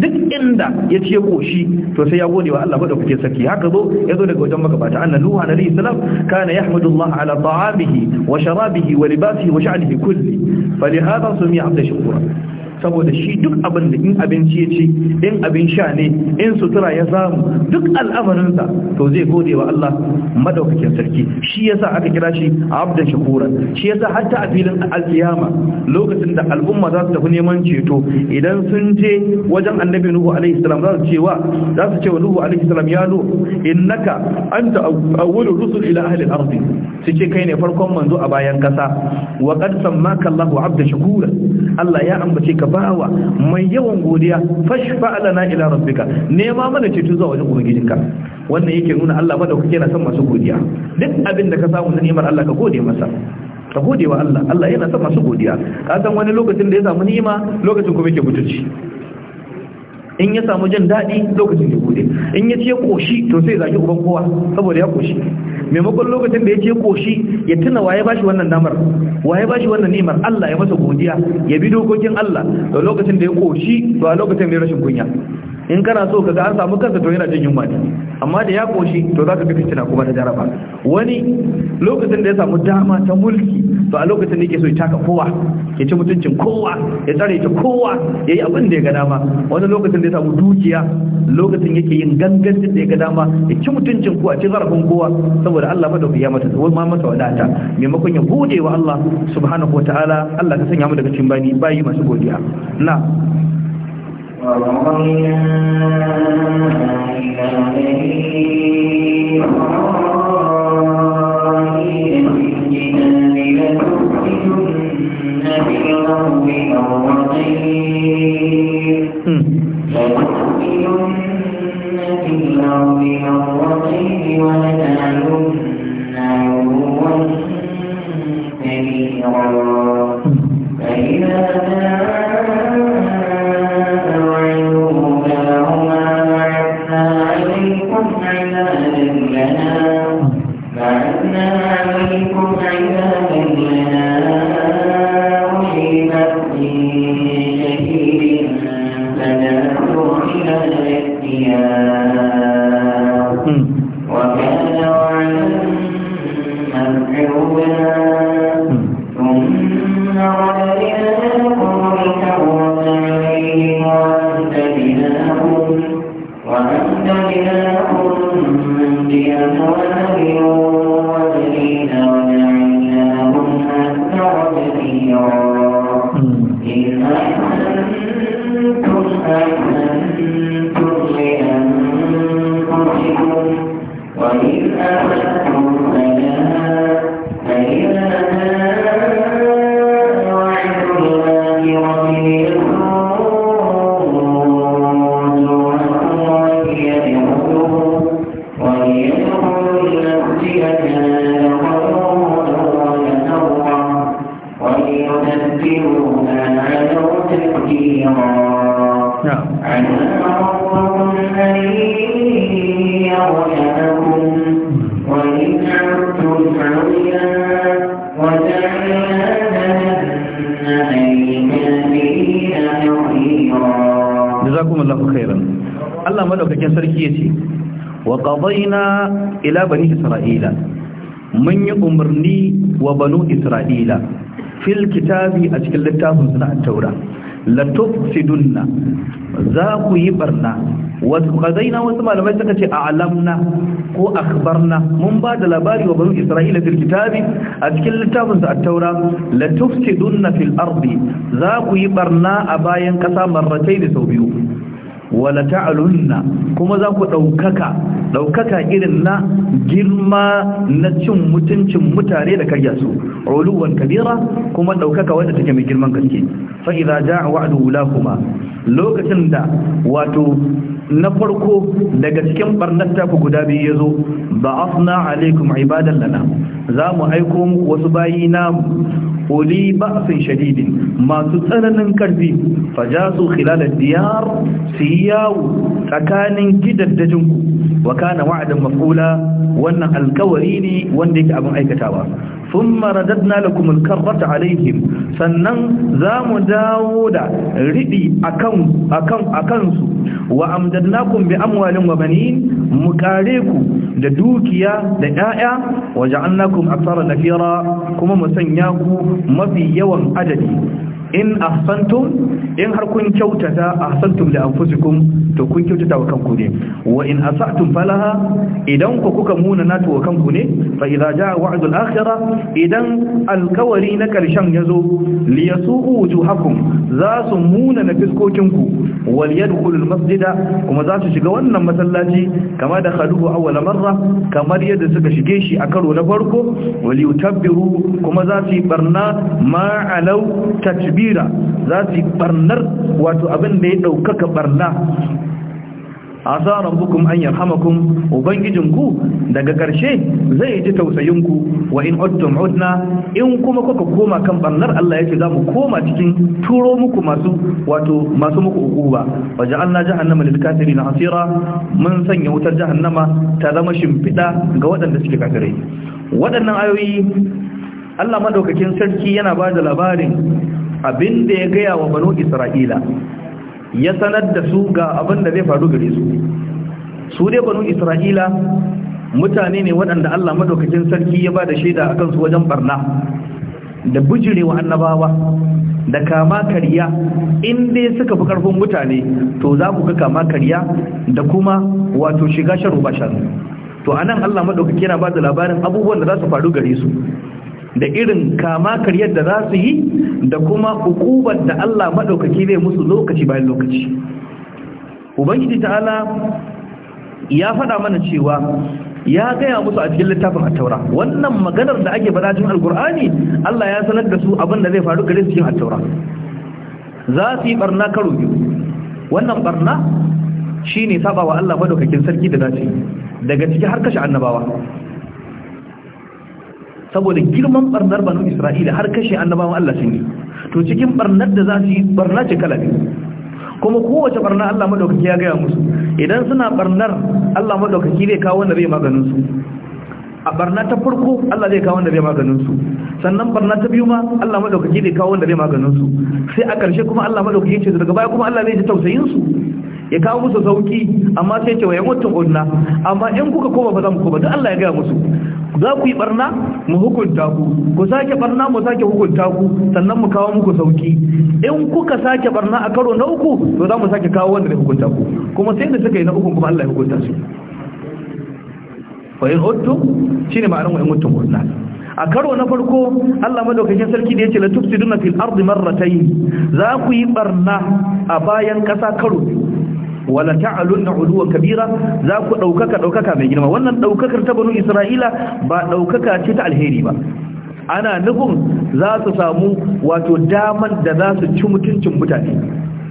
duk inda ya ce koshi to sai ya gode wa Allah ba da kuke saki haka zo ya zo daga wajen magabata annan nuhu alaihi salam kana yahmadullah ala ta'amihi wa sharabihi wa libasihi wa sha'nihi kulli falihada sumi'a abda shukura saboda shi duk abin da in abinci ya ce, in abin sha ne in sutura ya samu duk al'amarinsa to zai gode wa Allah madaukakin sarki shi yasa aka kira shi abdan shakura shi yasa hatta a filin alkiyama lokacin da al'umma za su tafi neman ceto idan sun je wajen annabi nuhu alaihi salam za su cewa za su ce wa nuhu alaihi salam ya nu innaka anta awwalu rusul ila ahli al-ard suke kai ne farkon manzo a bayan kasa wa qad sammaka Allahu abdan shakura Allah ya ambace ka bawa mai yawan godiya fashfa na ila rabbika nema mana ceto zuwa wajen ubangijinka wannan yake nuna Allah ba da kuke na san masu godiya duk abin da ka samu na ni'imar Allah ka gode masa ka gode wa Allah Allah yana son masu godiya ka san wani lokacin da ya samu ni'ima lokacin kuma yake mutunci in ya samu jin daɗi lokacin ya gode in ya ce koshi to sai zaki uban kowa saboda ya koshi maimakon lokacin da ya ce koshi ya tuna waye ba shi wannan damar waye ba shi wannan ni'imar Allah ya masa godiya ya bi dokokin Allah da lokacin da ya koshi to a lokacin da rashin kunya in kana so kaga an samu kansa to yana jin yunwa ne amma da ya koshi to za ka ga fitina kuma ta jaraba wani lokacin da ya samu dama ta mulki to a lokacin da yake so ya taka kowa ya ci mutuncin kowa ya tsare ta kowa ya yi abin da ya ga dama wani lokacin da ya samu dukiya lokacin yake yin gangancin da ya ga dama ya ci mutuncin kowa ci zarafin kowa saboda Allah fa da ya mata zuwa ma mata wadata maimakon ya gode wa Allah subhanahu wataala Allah ka sanya mu daga cin bani bayi masu godiya na لتؤمنن بالأرض مرتين ولتؤمنن ila bani isra'ila mun yi umarni wa banu isra'ila fil kitabi a cikin littafin suna taura latufsidunna za ku yi barna wasu kazaina wasu malamai suka ce a alamna ko akhbarna mun ba da labari wa banu isra'ila fil kitabi a cikin littafin sa at-taura latufsidunna fil ardi za ku yi barna a bayan kasa marratai da sau biyu wala ta'alunna kuma za ku ɗaukaka ɗaukaka irin na girma na cin mutuncin mutane da karya su ruluwan kabira kuma ɗaukaka wanda take mai girman gaske fa'iza a wa'adu hula kuma lokacin da wato na farko daga cikin barnar taku guda biyu ya zo ba asna alaikum ibadan lana za mu aiko wasu bayi na uli ba'sin shadidin masu tsananin karfi fajasu khilal ad-diyar siyawu tsakanin gidaddajin ku wa kana wa'dan maf'ula wannan alkawari ne wanda yake abin aikatawa thumma radadna lakum al-karrata alaihim sannan zamu dawo da ridi akan kansu akan wa amdadnakum bi amwalin wa mu kare ku da dukiya da 'ya'ya wa ja'alnakum na nafira kuma mu sanya ku mafi yawan adadi in ahsantum in har kun kyautata ahsantum li anfusikum to kun kyautata wa kanku ne wa in asatum falaha idan ku kuka munana to wa kanku ne fa idza jaa wa'du akhirah idan alkawari na karshen yazo li yasu'u wujuhakum za su munana ku wal yadkhulu masjida kuma za su shiga wannan masallaci kama da khaluhu awwal marra kamar yadda suka shige shi a karo na farko wal yutabbiru kuma za su yi barna ma alau tatbi kabira za su yi barnar wato abin da ya ɗaukaka barna asa rabbukum an hamakun ubangijinku daga ƙarshe zai ji tausayinku wa in uttum in kuma kuka koma kan barnar Allah yake zamu koma cikin turo muku masu wato masu muku ukuba waja'alna jahannama lil na hasira mun sanya wutar jahannama ta zama shimfiɗa ga waɗanda suke kafirai waɗannan ayoyi Allah madaukakin sarki yana ba da labarin abin da ya gaya wa banu isra'ila ya sanar da su ga abin da zai faru gare su su dai banu isra'ila mutane ne waɗanda Allah madaukakin sarki ya ba da shaida a kansu wajen barna da bujurewa annabawa da kama kariya in dai suka fi karfin mutane to za ku ga kama kariya da kuma wato shiga sharu ba sharu to anan Allah madaukakin yana ba da labarin abubuwan da za su faru gare su da irin kama karyar da za su yi da kuma hukubar da Allah maɗaukaki zai musu lokaci bayan lokaci ubangiji ta'ala ya faɗa mana cewa ya gaya musu a cikin littafin taura wannan maganar da ake faɗa cikin alkur'ani Allah ya sanar da su abin da zai faru gare su cikin taura za su yi ɓarna karo biyu wannan barna shine saɓa wa Allah madaukakin sarki da yi daga ciki har kashe annabawa saboda girman barnar banu isra'ila har kashe annabawan Allah sun yi to cikin barnar da za su yi barna ce kala biyu kuma kowace barna Allah madaukaki ya gaya musu idan suna barnar Allah madaukaki zai kawo wanda zai maganin su a barna ta farko Allah zai kawo wanda zai maganin su sannan barna ta biyu ma Allah madaukaki zai kawo wanda zai maganin su sai a ƙarshe kuma Allah madaukaki ce daga baya kuma Allah zai ji tausayin su ya kawo musu sauki amma sai ce wa yamuttun udna amma in kuka koma ba za mu koma duk Allah ya gaya musu za ku yi barna mu hukunta ku ku sake barna mu sake hukunta ku sannan mu kawo muku sauki in kuka sake barna a karo na uku to za mu sake kawo wanda zai hukunta ku kuma sai da suka yi na uku kuma Allah ya hukunta su fa in hutu shine ma'anar wa yamuttun udna a karo na farko Allah madaukakin sarki da yace la tufsiduna fil ardi marratayn za ku yi barna a bayan kasa karo wala ta'alunna uluwan kabira za ku daukaka daukaka mai girma wannan daukakar ta banu isra'ila ba daukaka ce ta alheri ba ana nufin za su samu wato daman da za su ci mutuncin mutane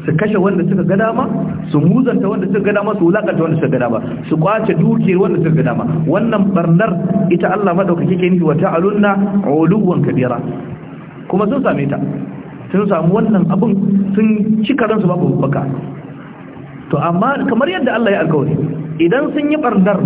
su kashe wanda suka ga dama su muzanta wanda suka ga dama su wulakanta wanda suka ga dama su kwace dukiyar wanda suka ga dama wannan barnar ita Allah madaukaki ke nufi wa ta'alunna uluwan kabira kuma sun same ta sun samu wannan abun sun cika karansu babu baka to amma kamar yadda Allah ya alkawari idan sun yi bardar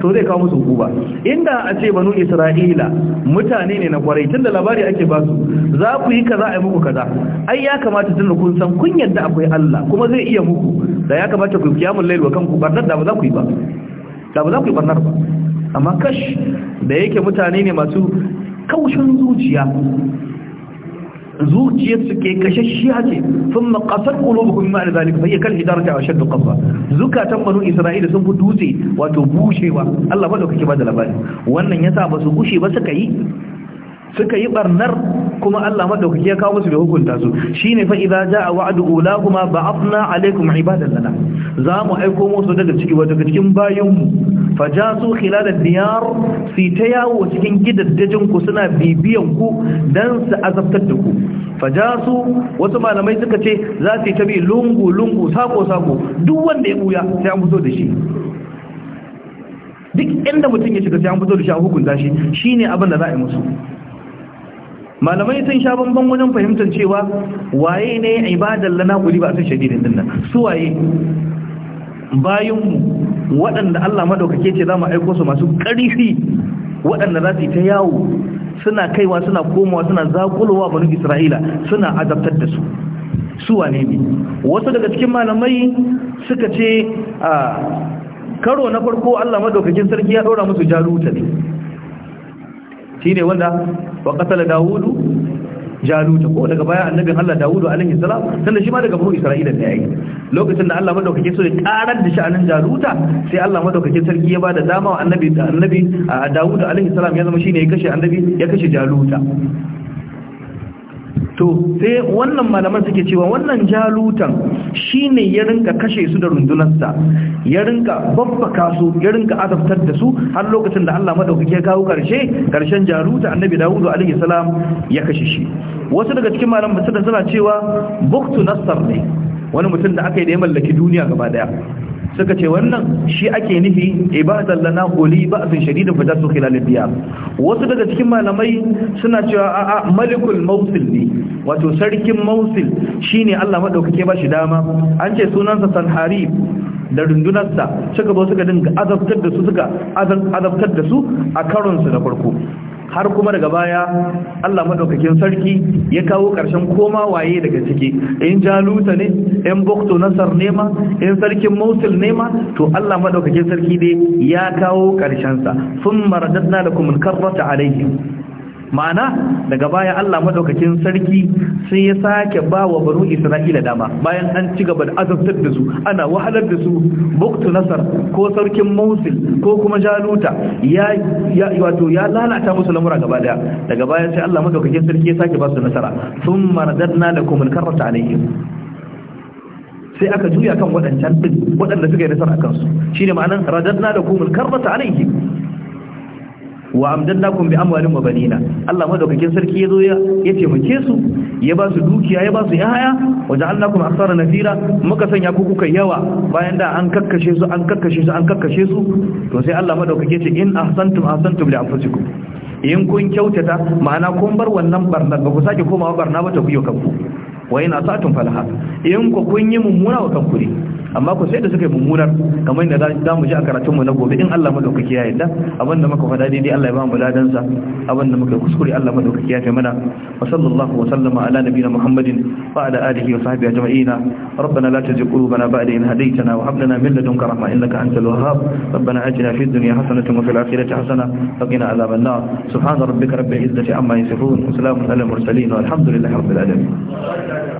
to zai kawo musu guba. inda a ce banu isra'ila mutane ne na kwarai tunda labari ake ba su za ku yi kaza a muku kaza ai ya kamata tunda kun san kun yadda akwai Allah kuma zai iya muku da ya kamata ku kiyamu lail wa kanku bardar da ba za ku yi ba da ba za ku yi bardar ba amma kash da yake mutane ne masu kaushin zuciya zuciyarsu ke kashashiya ce sun makasar ƙulubukun ma'ana zalika sai ya kan hidarta a shaddu ƙasa zukatan banu isra'ila sun fi dutse wato bushewa allah ba da kake ba da labari wannan ya sa ba su bushe ba suka yi suka yi barnar kuma Allah madaukaki ya kawo musu da hukunta su shine fa idza jaa wa'du ulahuma ba'athna alaykum ibadan lana za mu aiko musu daga ciki wato cikin bayan mu fajasu khilal diyar fi yawo cikin gidaddajin ku suna bibiyan ku dan su azabtar da ku fajasu wasu malamai suka ce za su ta lungu lungu sako sako duk wanda ya buya sai an fito da shi duk inda mutum ya shiga sai an fito da shi a hukunta shi shine abin da za a yi musu malamai sun sha bamban wajen fahimtar cewa waye ne ibadan lana kuli ba san shadidin dinnan su waye bayan mu waɗanda Allah madaukake ce za mu aiko su masu ƙarfi waɗanda za su yi ta yawo suna kaiwa suna komawa suna zakulowa banu Isra'ila suna azabtar da su su wane ne wasu daga cikin malamai suka ce a karo na farko Allah maɗaukakin sarki ya ɗora musu jaruta ne shine wanda wa qatala dawudu jaluta ko daga baya annabin Allah Dawudu alaihi salam sannan shi ma daga banu Isra'ila ne yayi lokacin da Allah madaukake so ya karar da sha'anin jaluta sai Allah madaukake sarki ya bada dama wa annabi annabi Dawudu alaihi salam ya zama shine ya kashe annabi ya kashe jaluta to sai wannan malaman suke cewa wannan jalutan shine ya rinka kashe su da rundunarsa ya rinka babbaka su ya rinka azabtar da su har lokacin da Allah madaukake ya kawo karshe karshen jaluta annabi Dawud alaihi salam ya kashe shi wasu daga cikin malaman suna cewa buktu nasar ne wani mutum da aka yi da ya mallaki duniya gaba daya suka ce wannan shi ake nufi ibadan eh, lana quli ba'sun shadidun fa tasu khilal diyar wasu daga cikin malamai suna cewa a malikul mawsil ne wato sarkin shi ne Allah madaukake ba shi dama an ce sunansa sanharib da rundunarsa suka zo suka dinga azabtar da su azabtar da su a karonsu na farko har kuma daga baya Allah madaukakin sarki ya kawo ƙarshen koma waye daga ciki in jaluta ne in bukto nasar nema in sarkin mosul nema to Allah madaukakin sarki dai ya kawo sa. sun maradadna lakum karrata alaihim ma'ana daga baya Allah madaukakin sarki sai ya sake ba wa banu Isra'ila dama bayan an ci gaba da azabtar da su ana wahalar da su buktu nasar ko sarkin Mosul ko kuma Jaluta ya wato ya lalata musu lamura gaba daya daga baya sai Allah madaukakin sarki ya sake ba su nasara thumma radadna lakum al-karrata alayhim sai aka juya kan waɗancan din waɗanda suka yi nasara akan su shine ma'anan radadna lakum al-karrata alayhim wa amdannakum bi amwalin wa banina Allah madaukakin sarki yazo ya yace muke su ya ba su dukiya ya ba su yaya wa ja'alnakum aksara nafira muka sanya ku kuka yawa bayan da an kakkashe su an kakkashe su an kakkashe su to sai Allah madaukake ce in ahsantum ahsantum li anfusikum in kun kyautata ma'ana kun bar wannan barnar ba ku sake komawa barna ba ta kuyo kanku wa yana satun falaha in ku kun yi mummuna wa kanku ne amma ku sai da suka yi mummunar kamar yadda za mu ji a karatunmu na gobe in Allah madaukaki ya yarda abin da muka faɗa daidai Allah ya ba mu ladan sa abin da muka kuskure Allah madaukaki ya kai mana wa sallallahu wa sallama ala nabiyina Muhammadin wa ala alihi wa sahbihi ajma'ina rabbana la tuzigh qulubana ba'da idh hadaytana wa hab lana min ladunka rahma innaka antal wahhab rabbana atina fid dunya hasanatan wa fil akhirati hasanatan wa a adhaban nar subhana rabbika rabbil izzati amma yasifun wa salamun alal mursalin